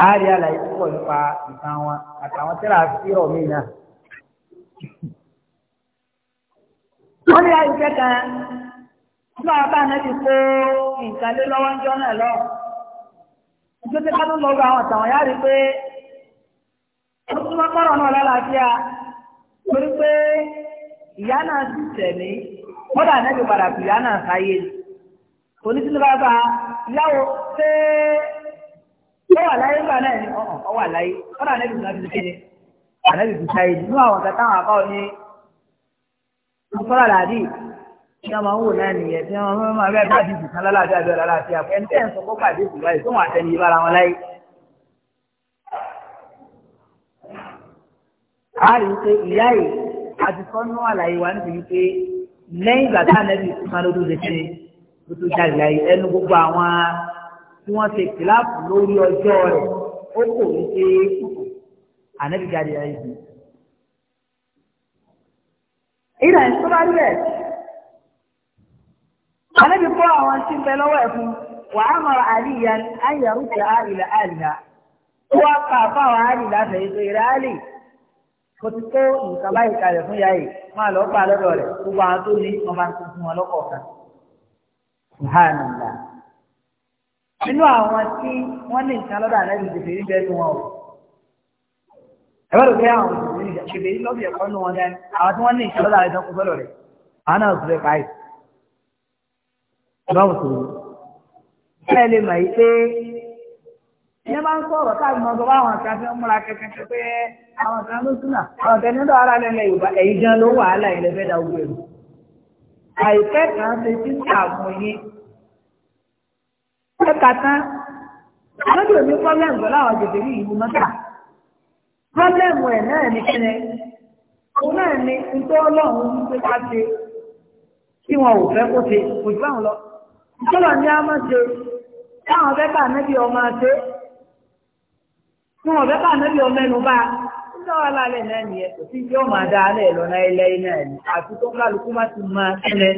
àárí àlàyé púpọ̀ nípa ìtàn wọn àtàwọn tí ra fírọ̀ mí náà. wọ́n ní àyíkẹ́ kan nígbà bá náà ti kó nǹkan lé lọ́wọ́ ń jọ́ náà lọ. ìjọ tí ká tó lọ gba àwọn àtàwọn yára pé ó tún máa kọ́rọ̀ náà lálàáfíà torí pé ìyá náà sì tẹ̀lé kọ́dà nẹ́bí padà fìyà náà sáyé onísìlú bàbá yáwó ṣé ó wà láyé ńgbà náà ni ó wà láyé kọ́dà nẹ́bí fìyà fi kéde ànẹ́bí fi sáyé nínú àwọn ọ̀gá táwọn àbá òní ọ̀sọ́rọ̀ làdí tí wọ́n máa ń wò náà nìyẹn tí wọ́n máa bẹ́ẹ̀ bá dìbò kan lálàáfíà bẹ́ẹ̀ lálàáfíà ẹni tẹ́ ẹ̀ ń sọ kó pàdé ìgbà yìí tó wọn àtẹnìyí bára wọn láyé. a rí i pé ìyá yìí àti sọ́nù àlàyé wa níbi wípé lẹ́yìn ìgbà tá ànábì kúmá lọ́dún lè ṣe tó tó jáde láyé ẹnu gbogbo àwọn tí wọ́n ṣe kìláàpù lórí ọjọ́ rẹ̀ ó kò ní ṣe ànábì jáde láyé bi. ìlànà ìṣọ́ra rẹ̀ ànábì kọ́ àwọn tí ń bẹ lọ́wọ́ ẹ̀ fún وعمر عليا أن يرجع إلى أهلها وقع فوالي لا فيصير علي mo ti kó nǹkan báyìí ya yìí máa lọ gbà lọ́dọ̀ rẹ̀ gbogbo àwọn tó ní wọn bá fún wọn lọ́kọ̀ọ̀kan. Subhanallah. Nínú àwọn tí wọ́n ní nǹkan lọ́dọ̀ àlẹ́ ìdìbò yìí bẹ́ẹ̀ ni wọn o. Ẹ bá lọ pé àwọn òṣèlú ìṣèlú yìí lọ́bì ẹ̀kọ́ nù wọn dání. Àwọn tí wọ́n ní nǹkan lọ́dọ̀ sọ́dọ̀ rẹ̀. Àwọn ìyẹn máa ń sọ̀rọ̀ káàdì máa sọ báwọn kan fi ń múra kẹkẹkẹ pé àwọn kan ló súnà àwọn kan nílò ara lẹ́lẹ̀ yorùbá ẹ̀yìn gan ló wàhálà ilẹ̀ fẹ́ da ogun ẹ̀rù. àìpẹ́ kan ṣe tí àwọn yín ẹ̀ka tán lọ́dún òní pọ́blẹ́mù pẹ̀lú àwọn jèjì ní ìlú mọ́tà pọ́blẹ́mù ẹ̀ náà ní kẹ́lẹ́ òun náà ní nítorí ọlọ́run ń pé ká ṣe tí wọn ò fẹ́ kó ṣe kò jù báwọn lọ ìṣọ́lọ̀ ní á mọ́ ṣe táwọn fẹ́ kà fún ọ̀bẹ bá ànábì ọmọ ẹnu bá nígbà wà lálẹ́ náà nìyẹn kò sí yóò máa dá alẹ́ lọ́nà ilẹ̀ náà ni àti tó kálukú má ti máa tẹ́lẹ̀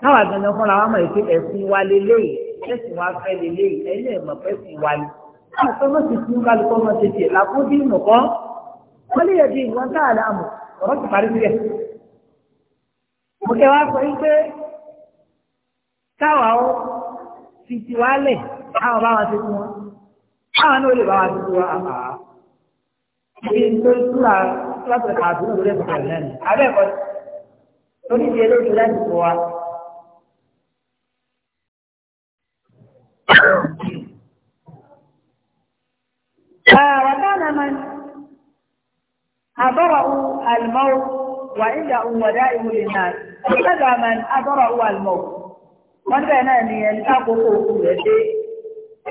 káwà gbẹ̀ngàn fúnra wa mọ̀ èké ẹ̀sìn wa lélẹ́yìí ẹ̀sìn wa fẹ́ lélẹ́yìí ẹ̀yìn ẹ̀mọ̀ ẹ̀sìn wa ni káwà tó má ti fún kálukú ọmọ tètè làkúndín nìkan wọ́n lè yẹ di ìwọ̀n tá àlẹ́ ọ̀rọ̀ káwọn náà lè bá wa dúró àpá ibi tó túra láti ẹ̀ka àdúrà lórí ẹ̀ka rẹ̀ lẹ́nu abẹ́ẹ̀kọ́ lórí ìdí eléyìí láti kọ́ wa. وكان من أبرأ الموت وإلا ودائه للناس وكذا من أبرأ الموت wọ́n bẹ̀rẹ̀ náà ni ẹni káàkókò òkú rẹ̀ dé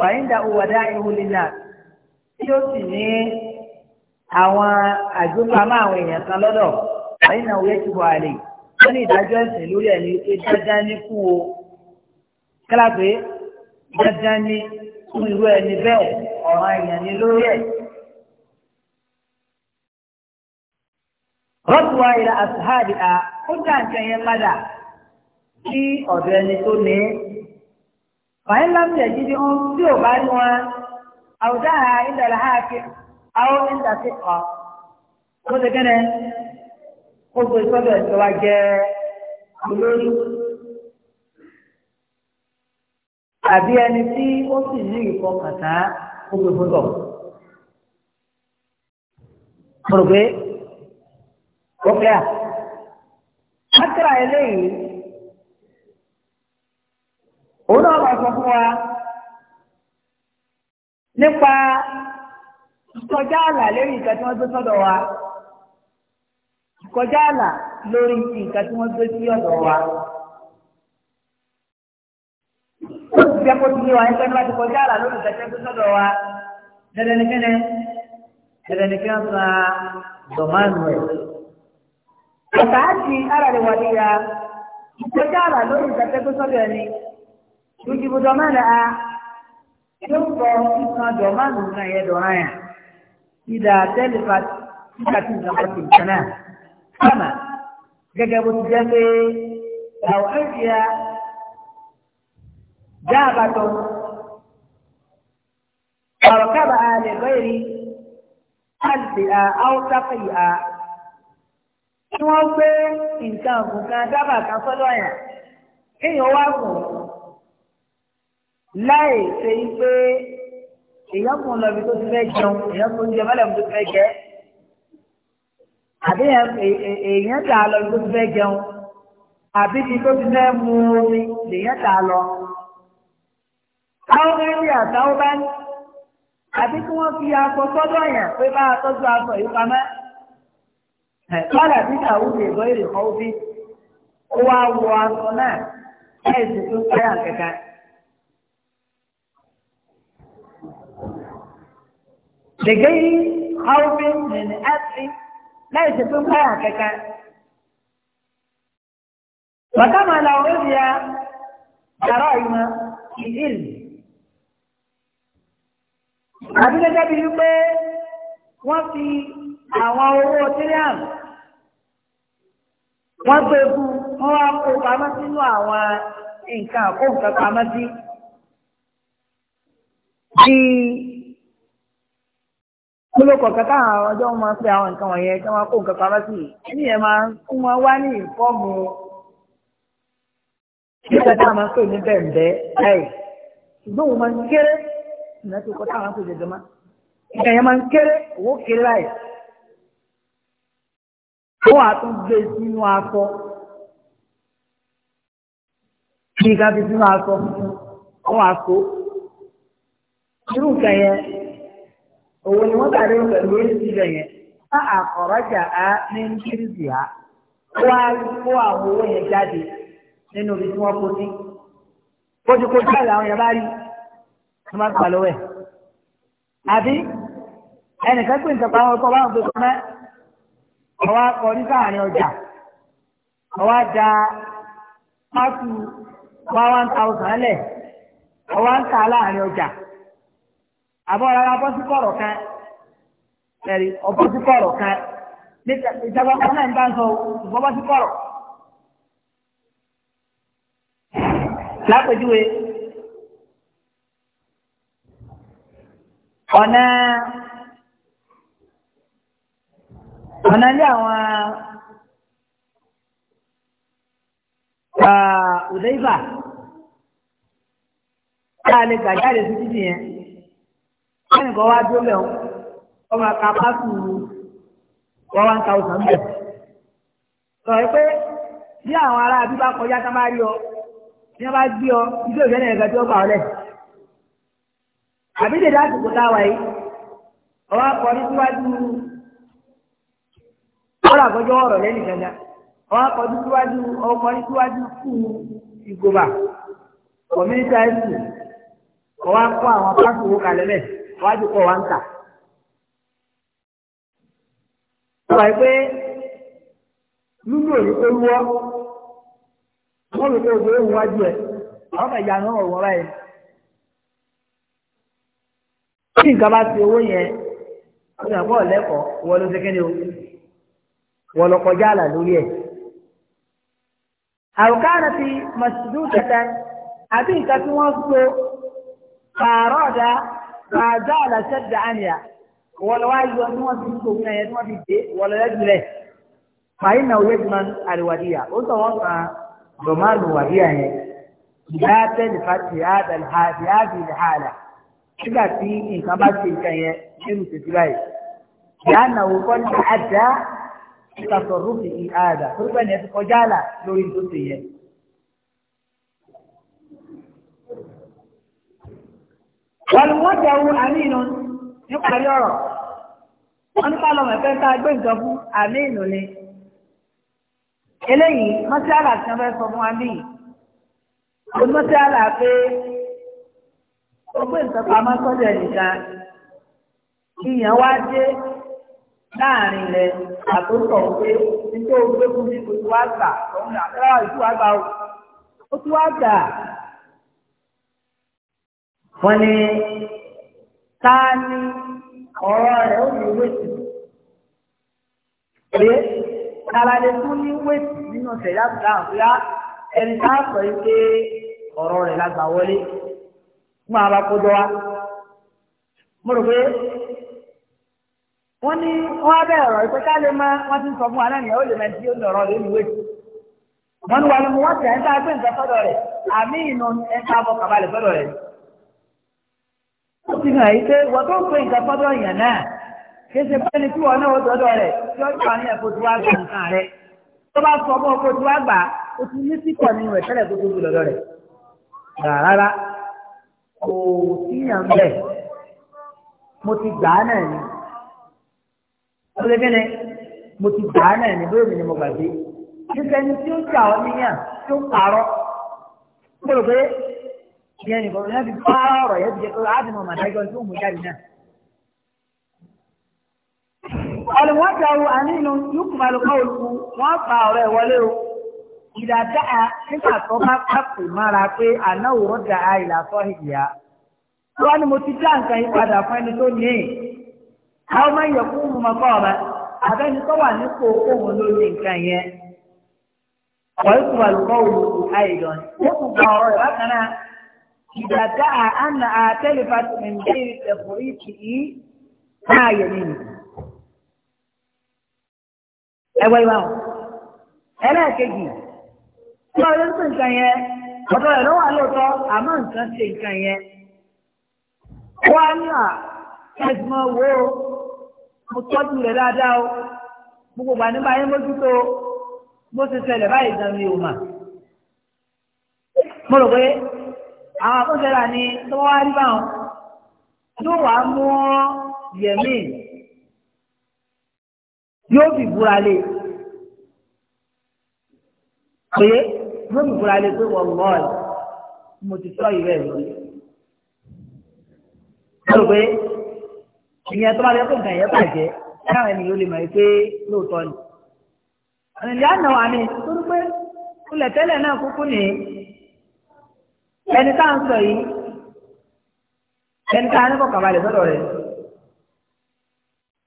fàyíǹda òwòdà ìhùlìnà tí ó sì ní àwọn àjọpamọ́ àwọn èèyàn kan lọ́dọ̀ fàyíǹda òwúyẹ́ ti bọ̀ àlè wọ́n ní ìdájọ́ ẹ̀sìn lórí ẹ̀ ní pé dandan ní kú o kíláàpé dandan ní fún irú ẹni bẹ́ẹ̀ ọ̀ràn èèyàn ní lórí ẹ̀. rọ́tùwá ìlà àṣàhàdì à ó dá yẹn padà sí ọ̀dọ̀ ẹni tó ní wàá lámì m ń tí ò bá rí wọn àwùjá ha ha fi àwọn ìdàtí kọ́ ó ti gẹ́nẹ́ ó gbé sọ́dọ̀ ẹ̀sọ́ wa jẹ́ olórí àbí ẹni tí òun náà máa sọ fún wa nípa kọjá àlà lórí nǹkan tí wọ́n gbé sọ́dọ̀ wa kọjá àlà lórí nǹkan tí wọ́n gbé sí ọ̀dọ̀ wa. ó sì jẹ́ kó ti yé wa nípa láti kọjá àlà lórí nǹkan tí wọ́n gbé sọ́dọ̀ ara rẹ̀ wà ya, kọjá àlà lórí nǹkan tí wọ́n gbé yujibu dhamanaha yuko ina dhamana na yedo haya idha talifat katika nafasi mchana kama gagabu tijake au ajia jabatun فركبها لغير أجزئة أو تقيئة ni wọ́n gbé nǹkan ọ̀gùn láì ṣe yí pé èèyàn kò lọ ibi tó ti fẹ́ jẹun èèyàn kò ń jẹ mọ́lẹ̀ tó ti fẹ́ jẹ àbí èèyàn tà lọ ibi tó ti fẹ́ jẹun àbí ibi tó ti fẹ́ mu omi lèèyàn tà lọ. táwọn méjì àtàwọn bá ní àbí kí wọ́n fi aṣọ sọ́dọ̀ yẹn pé bá a tọ́jú aṣọ yìí pamẹ́. Bọ́lá bí Dàwúdì ìgbọ́ èrè kan bí ó wá wọ aṣọ náà láì sí tó ń pẹ́ àkẹ́kẹ́. lẹ́gẹ́yìn haúbín nìní ẹ́sìn láì ṣe pé ń báyà kẹ́kẹ́. bàtà máa la ya yàrá ìmọ̀ ìhìl. àbí gẹ́gẹ́ wọ́n fi awa wọ́n wá kó pamọ́ sínú àwọn nǹkan olóko kẹta àwọn ọjọ́ wọn máa ń pe àwọn nǹkan wọ̀nyẹn kí wọ́n kó nǹkan pamọ́ sí i ẹni yẹn máa ń wọn wá ní ìfọ́ọ̀mù nígbà tá a máa ń pè ní bẹ̀ǹbẹ́ láì ṣùgbọ́n òun máa ń kéré tó kọ́ táwọn pè ìgbà yẹn máa ń kéré owó kéré láì sínú aṣọ kí ká fi sínú aṣọ irú nǹkan yẹn. òun ni wọ́n tàbí pẹ̀lú èsì rẹ̀ yẹn ká àkọ̀rọ̀jà á ní kírìsì á wá kó àwọn owó yẹn jáde nínú ibi tí wọ́n kó sí kójúkójú àlè àwọn yẹn bá rí wọ́n bá gbà lọ́wọ́ ẹ̀ àbí ẹnìkan pè nǹkan pàwọn ọkọ̀ báwọn gbèsè mẹ́ ọwọ́ akọ ní sáàrin ọjà ọwọ́ da pátù wá one thousand lẹ̀ ọwọ́ ń láàrin ọjà àbọ̀ra wa bọ́ sí kọ̀rọ̀ kan ẹ̀rí ọ̀bọ̀ sí kọ̀rọ̀ kan ìjọba kan náà ń bá ń sọ ìbọn bọ́ sí kọ̀rọ̀. lápèjúwe ọ̀nà ọ̀nà ilé àwọn ọ̀dẹ́fà ah, tá a lè gbà sí títì yẹn ẹnì kan wá dúró lẹ́wọ̀n ọmọ àka pásù wọ́n wá ń ta ọ̀sán bẹ̀. sọ pé bí àwọn ará àbí bá kọjá tá bá rí ọ bí wọ́n bá gbé ọ ibi òjò náà ẹ̀ka tí wọ́n gbà ọ lẹ̀. àbí dèdè àsìkò tá a wà yìí ọwọ́ akọ ní síwájú ọ̀rọ̀ àgọ́jọ́ ọ̀rọ̀ lẹ́yìn gangan ọwọ́ akọ ní síwájú ọkọ ní síwájú kù ìgòbà kọ̀mínítà ẹ̀sìn ọwọ́ akọ àwọn pásù wó kalẹ̀ lẹ́yìn wọ́n á dùkọ̀ wá ń tà. Ọ̀rọ̀ yìí pé lúlò yìí pé wọ́ wọ́n lè fẹ́ ògbéró wájú ẹ̀ àwọn ọmọ ìyá náà wọ́n báyìí. Bí nǹkan bá ti owó yẹn, wọ́n yàn bọ́ọ̀ lẹ́kọ̀ọ́ wọ́n ló ṣe kí ni o wọ́n lọ kọjá àlà lórí ẹ̀. àwòkárà ti màsídùú kẹta àbí nǹkan tí wọ́n so pààrọ̀ ọ̀dà àjọ àlàṣẹ́dà àníyà wọ́lọ́ wá yọ ní wọ́n ti ń tòun ẹ̀yẹ ní wọ́n ti dé wọ́lọ́ yẹ jùlẹ̀ fàyè náà wọ́n yẹ jùlọ àríwádìyà ó sọ wọ́n kan dọ̀mọ́ àríwádìyà yẹn ìyá tẹ́lẹ̀ fàtì àdàlhàdì àdìlhàdà nígbà tí nǹkan bá ṣe nǹkan yẹn nínú tètè báyìí ìyá náà wò kọ́ ní àdá ìtàsọ̀rọ̀ wàlúwọ́jà wo àmínú níparí ọ̀rọ̀ wọn ní kálọ̀ mẹ́fẹ́ tá a gbé nǹkan fún àmínú ni eléyìí mọ́sálà tí wọ́n fẹ́ sọ fún wa níyì ó mọ́sálà pé ó gbé nǹkan pamọ́ sọ́dọ̀ ẹ̀nìkan ìyẹn wá dé láàrin rẹ̀ àtúntọ̀ pé nítorí ó gbé fún mi kò tí wá gbà tó ń rà ìtú wá gbà ó tí wá gbà wọ́n ní ta ni ọ̀rọ̀ rẹ̀ ó ní wéètì pé kàlàdé tún ní wéètì nínú ṣẹ̀dá tó dáhùn ẹni tá a sọ yìí pé ọ̀rọ̀ rẹ̀ la gbà wọlé fún àwọn akójọ wa mo rò pé wọ́n ní wọ́n abẹ́ ọ̀rọ̀ ìpè ká lè máa wọ́n ti ń sọ fún wa náà nìyẹn ó lè máa di ọ̀nà ọ̀rọ̀ rẹ̀ ní wéètì wọ́n ní wàá lọ́mọ wọ́n ti ẹ̀ ń ta gbé nǹkan sọ́dọ̀ rẹ̀ àmì ìnà ẹ̀ ń ta bọ́ kàbálẹ̀ sọ́dọ̀ rẹ̀ ti hàn yìí pé wọ́n tó pé nǹkan fọ́dọ̀ èèyàn náà kì í ṣe pé ní kí wọ́n náà wọ́n dọ́dọ̀ rẹ̀ tí ó gbà ní ẹ̀kọ́ tí wọ́n á gbà nǹkan rẹ̀ tó bá sọ mọ́ ọkọ̀ tí wọ́n á gbà ó ti ní sípò nínú rẹ̀ tẹ́lẹ̀ tó tóbi lọ́dọ̀ rẹ̀ rárá kò síyàn bẹ́ẹ̀ mo ti gbà á náà ni ó lé kíni mo ti gbà á náà ni bóyá mi ni mo gbà dé nípa tí ó jà ọ́ níyàn tí pààrọ̀ ìyẹn nìkan ní wọ́n fi bá ọ̀rọ̀ yẹn ti jẹ́ pé àdìmọ̀ màdájọ́ tí ó mú jáde náà. ọ̀lùwọ́ta wo àníyàn yókùnmá ló kọ́ olùkú wọ́n pa ọ̀rọ̀ ẹ̀ wọlé o ìdàgá àna àtẹlifásitì nìyí ìtẹ̀kùrí ti yí káàyè nínú. ẹ̀wọ̀ ìwà ọ̀ ẹlẹ́ẹ̀kejì tí wọ́n lè sún nǹkan yẹn ọ̀dọ̀ rẹ̀ lọ́wọ́ lóòótọ́ àmọ́ nǹkan ṣe nǹkan yẹn. wọ́n á ní à ẹ̀sìn mọ́ wo mo tọ́jú rẹ̀ dáadáa o gbogbo gbà nígbà yẹn mójútó bó ṣe ṣẹlẹ̀ báyìí gan ni o mà. mo rò pé àwọn akọ́sẹ́ra ni tọ́wọ́ wá rí báwọn yóò wá mú yẹ̀mí yóò fi búra lé pé yóò fi búra lé pé wọ́n mọ̀ ẹ́ mo ti sọ ìrẹ́ rẹ̀ lórí pé ìyẹn tó bá yẹ kó nǹkan yẹn bàjẹ́ káwọn ènìyàn lè mọ̀ ẹ́ pé lóòótọ́ ni. ọ̀nà ìyá náà wà torí pé kúlẹ̀ náà kúkú nìyí. ẹni tá à ń sọ yìí ẹni tá a ní kọkàn balẹ̀ sọ́dọ̀ rẹ̀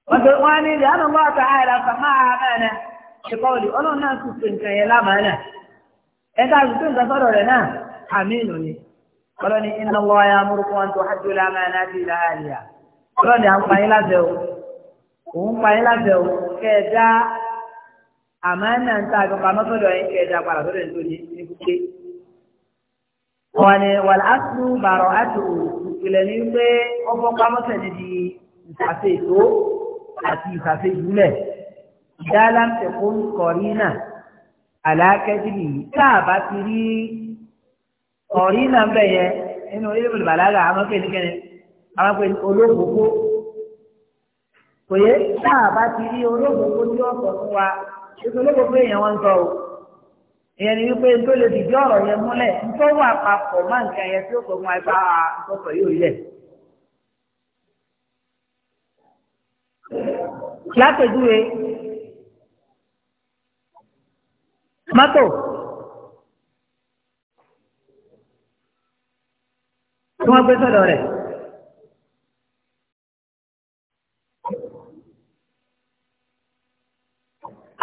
wọ́n tó wọ́n ní ìdáná ń ha ha àìlà fàmà àmàna ṣùkọ́ òdì ọlọ́run náà sì pè nǹkan yẹn lámàánà ẹni tá a sì pè nǹkan sọ́dọ̀ rẹ̀ náà àmì ìlú ni iná lọ́wọ́ ya múrùkú wọn tó hajjú lámàánà ń pa ń ta àgbàpamọ́ sọ́dọ̀ yín kẹ́ẹ̀dá padà sọ́dọ̀ yín tó ní ní kúkẹ́. wọn ni wàlá asú bàrọ̀ àtò ìpìlẹ̀ ní pé ọgbọ́n pamọ́sẹ̀ ni di ìfàṣẹ ètò àti ìfàṣẹ ìjúlẹ̀ ìdálá ń tẹ̀kọ́ ń kọ̀rí náà àlákẹ́jìlì tá a bá ti rí kọ̀rí náà ń bẹ̀ yẹn nínú ilé bàlágà àwọn pè àwọn pè olókòókò kò yẹ tá ti rí olókòókò tí ó sọ fún wa ṣé olókòókò èèyàn wọn ń sọ o ìyẹn ni wípé tó lè dìde ọ̀rọ̀ yẹn múlẹ̀ nítorí àpapọ̀ máa ń kí ẹyẹ tí ó kọ mọ ẹgbẹ́ àtọ́tọ̀ yóò yẹ. látòjúwe mọ́tò tí wọ́n gbé sọ́dọ̀ rẹ̀.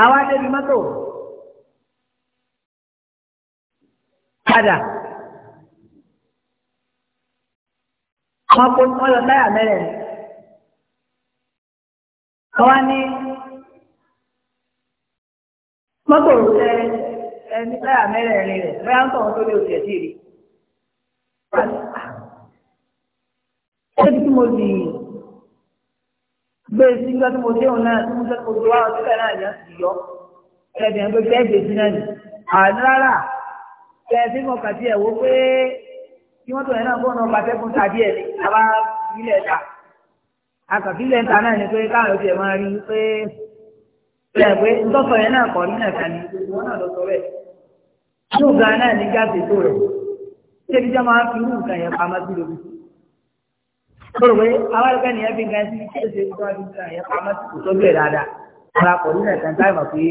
àwa débi mọ́tò. padà. Wọ́n kó wọ́n lọ táyà mẹ́rẹ̀. Wọ́n wá ní mọ́tò ẹ ẹni táyà mẹ́rẹ̀ rìn rẹ̀ bóyá ń tọ̀wọ́ tó lé oṣù ẹ̀sìn rí. Ṣé tí mo sì gbé e sí nígbà tí mo dé òun náà tí mo sọ pé mo ti wá bẹ́ẹ̀ náà yẹn sì yọ. Ẹ̀bẹ̀ ń gbé bẹ́ẹ̀ bèbí náà ni. Àná rárá. kẹsí mọ kàtí ẹ wo pé kí wọn tó náà ọba tẹ́kùn tàbí ẹ̀ ilẹ̀ ta ilẹ̀ ta náà ni pé máa rí pé pé ntọ́sọ yẹn náà kọ̀ gbogbo náà lọ sọ ga náà fi yẹn pamọ́ sí lóbi pé àwọn ẹgbẹ́ sí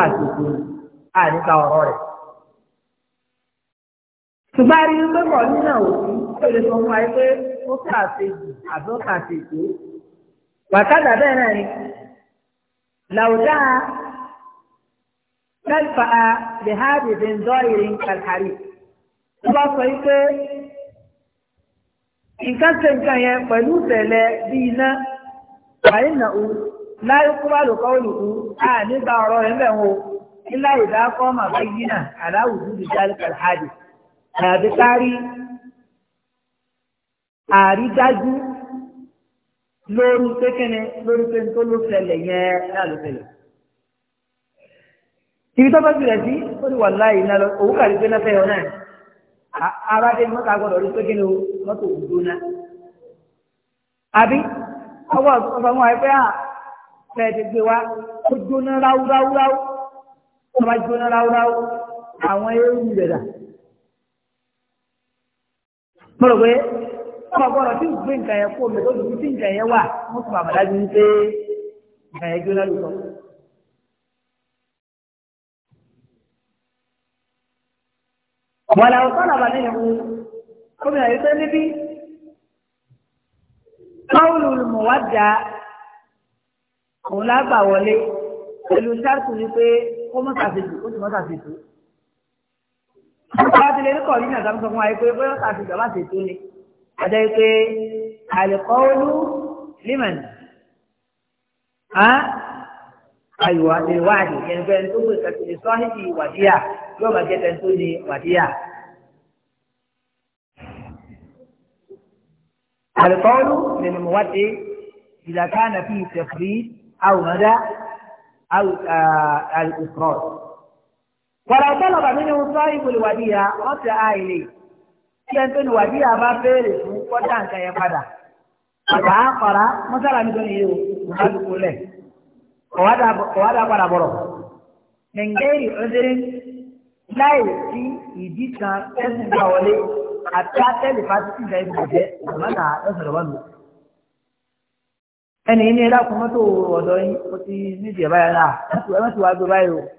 yẹn pamọ́ sí ṣùgbọ́n rí lọ́kọ̀ nínú òsì tó lè sọ fún wa pé ó kàṣejù àbí ó kàṣejù wàtádà bẹ́ẹ̀ náà ni làwùjá tẹ́lifà lèhábì bí ń dọ́ ìrìn kàlhárì tó bá sọ pé nǹkan ṣe nǹkan yẹn pẹ̀lú ìṣẹ̀lẹ̀ bí iná wàyí nà ó láyé kó bá lòkọ́ olùkú a nígbà ọ̀rọ̀ rẹ̀ ń bẹ̀ wọ́n ilá ìdákọ́ màbá yìí náà aláwùjọ ìjálẹ̀ kàlhárì àyàfi kárí àrídájú lórí pékẹ́ni lórí pékẹ́ni tó ló ṣẹlẹ̀ yẹn náà ló ṣẹlẹ̀. ibi tó bá tilẹ̀ sí ó ní wà láàyè náà lọ òun kàrí pé náà fẹ́ yọ náà ara dé mọ́ta gbọ́dọ̀ rí pékẹ́ni o mọ́tò òdò náà. àbí ọwọ́ ọ̀sán wọn ẹgbẹ́ à fẹ́ẹ̀dẹ̀ gbé wa ó jóná ráúráúráú ó bá jóná ráúráú àwọn eérú rẹ̀ dà mo rò pé ọmọ gbọ́dọ̀ tí gbé nǹkan yẹn kó mi tó dùn tí nǹkan yẹn wà mo tún bàbá dájú pé nǹkan yẹn jóná lùtọ́. wàlà ọ̀sán làbà nínú gómìnà yìí tó níbí kọ́ọ̀lù mọ̀wádà òun lágbà wọlé pẹ̀lú sáàtù ni pé kó mọ́ sàfihàn kó sì mọ́ sàfihàn. Àwọn abájọlẹ̀ ní kọ̀ọ̀lù náà sábà sọ fún wa pé bóyá kàfi ìjọba ṣe tó ni. Àjọ pé àlùkọ́ọ́lù liman. Àyùwà lè wáàdì yẹn fẹ́ tó gbé kàkiri sọ́hìtì wàdíyà yóò bá jẹ́ tẹ̀ tó ni wàdíyà. Àlùkọ́ọ́lù lè mọ̀ wáde ìdàkánà fi ìtẹ̀fìrí àwùmọ́dá àlùkùsọ̀rọ̀ wàlá tọ́lọ̀bà nínú sọ ìbòlùwàdíyà wọ́n ti àìlè kí ẹni tó lùwàdíyà bá béèrè fún kọ́dà nǹkan yẹn padà àgbà á kọ̀ra mọ́sálà mi tó ní yìí o bá dùkú lẹ̀ kọ̀wádà padà bọ̀rọ̀ nìgbẹ́rì ọ̀dẹ́rẹ́ láì sí ìdí kan ẹ̀sìn gbà wọlé àti atẹ́lẹ̀ fásitì ìgbà ìgbà jẹ́ àmàlà ẹ̀sìn lọ́wọ́ mi. ẹnì yìí ní ẹ̀dá kọ́mọ́tò ọ̀dọ́ yín ó ti ní ìdí ẹ̀ báyìí náà ẹ̀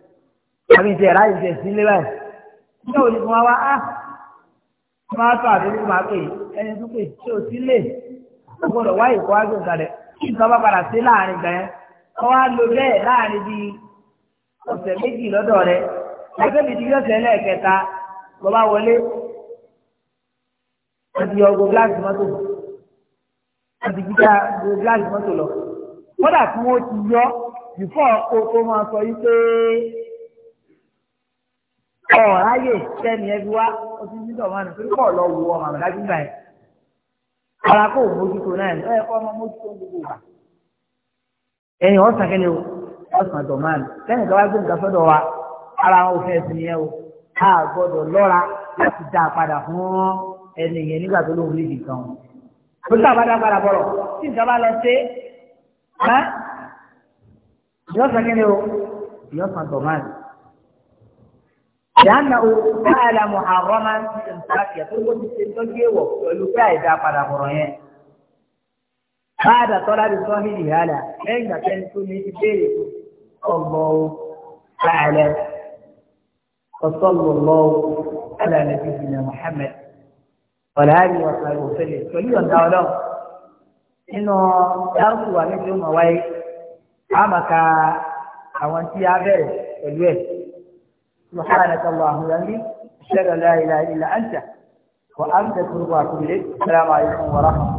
àbí ìtẹ̀ ráyè ìtẹ̀ sí ilé báyìí ní òní fún wa wá á máa tó àdúgbò máa pè ẹni tó pè tí ò sí lè gbọdọ̀ wáyé kó wá gbèǹkà rẹ̀ kí nǹkan bá padà sí láàrin ìgbà yẹn kó wá lo bẹ́ẹ̀ láàrin bíi ọ̀sẹ̀ méjì lọ́dọ̀ rẹ̀ ẹgbẹ́ mi ti yọ ọ̀sẹ̀ lẹ́ẹ̀kẹta lọ bá wọlé wọ́n ti yọ ọgọ mọ́tò wọ́n ti gbígbá ọgọ mọ́tò lọ kódà tí wọ́n ti yọ bìfọ́ kó máa sọ yí pé ọ̀ ráyè sẹ́ni ẹbí wá ó ti ní dọ̀wọ́n àná torí kọ́ lọ wo ọmọ àbàdájú gbà ẹ̀ ara kò mójútó náà ẹ̀ ẹ̀ kọ́ ọmọ mójútó gbogbo wa ẹ̀yìn ọ̀sán kẹ́lẹ́ o ọ̀sán dọ̀mọ́ọ̀nù sẹ́ni tó wá gbé nǹkan sọ́dọ̀ wa ara wọn ò fẹ́ sí yẹn o a gbọ́dọ̀ lọ́ra láti dá a padà fún ẹni yẹn nígbà tó lóun léjì kan o tí a bá dá padà bọ̀rọ̀ tí nǹkan bá lọ sí ẹ̀ ìyọ̀sán kẹ́lẹ́ o ìyọ̀sán dọ̀mọ́ọ̀nù لأنه فعل محرما في الإمساك يقول لك السنتون يقول لك إذا قد قرأه هذا طلب صاحب هذا أين تنسون يتبيرك الله فعل فصلى الله على نبينا محمد وعلى آله وصحبه وسلم فلي أن تعلم إنه يرسل ومثل ما وي أمك أو أنت يا غير سبحانك اللهم وبحمدك اشهد ان لا اله الا انت وامسك رضاك اليك السلام عليكم ورحمه الله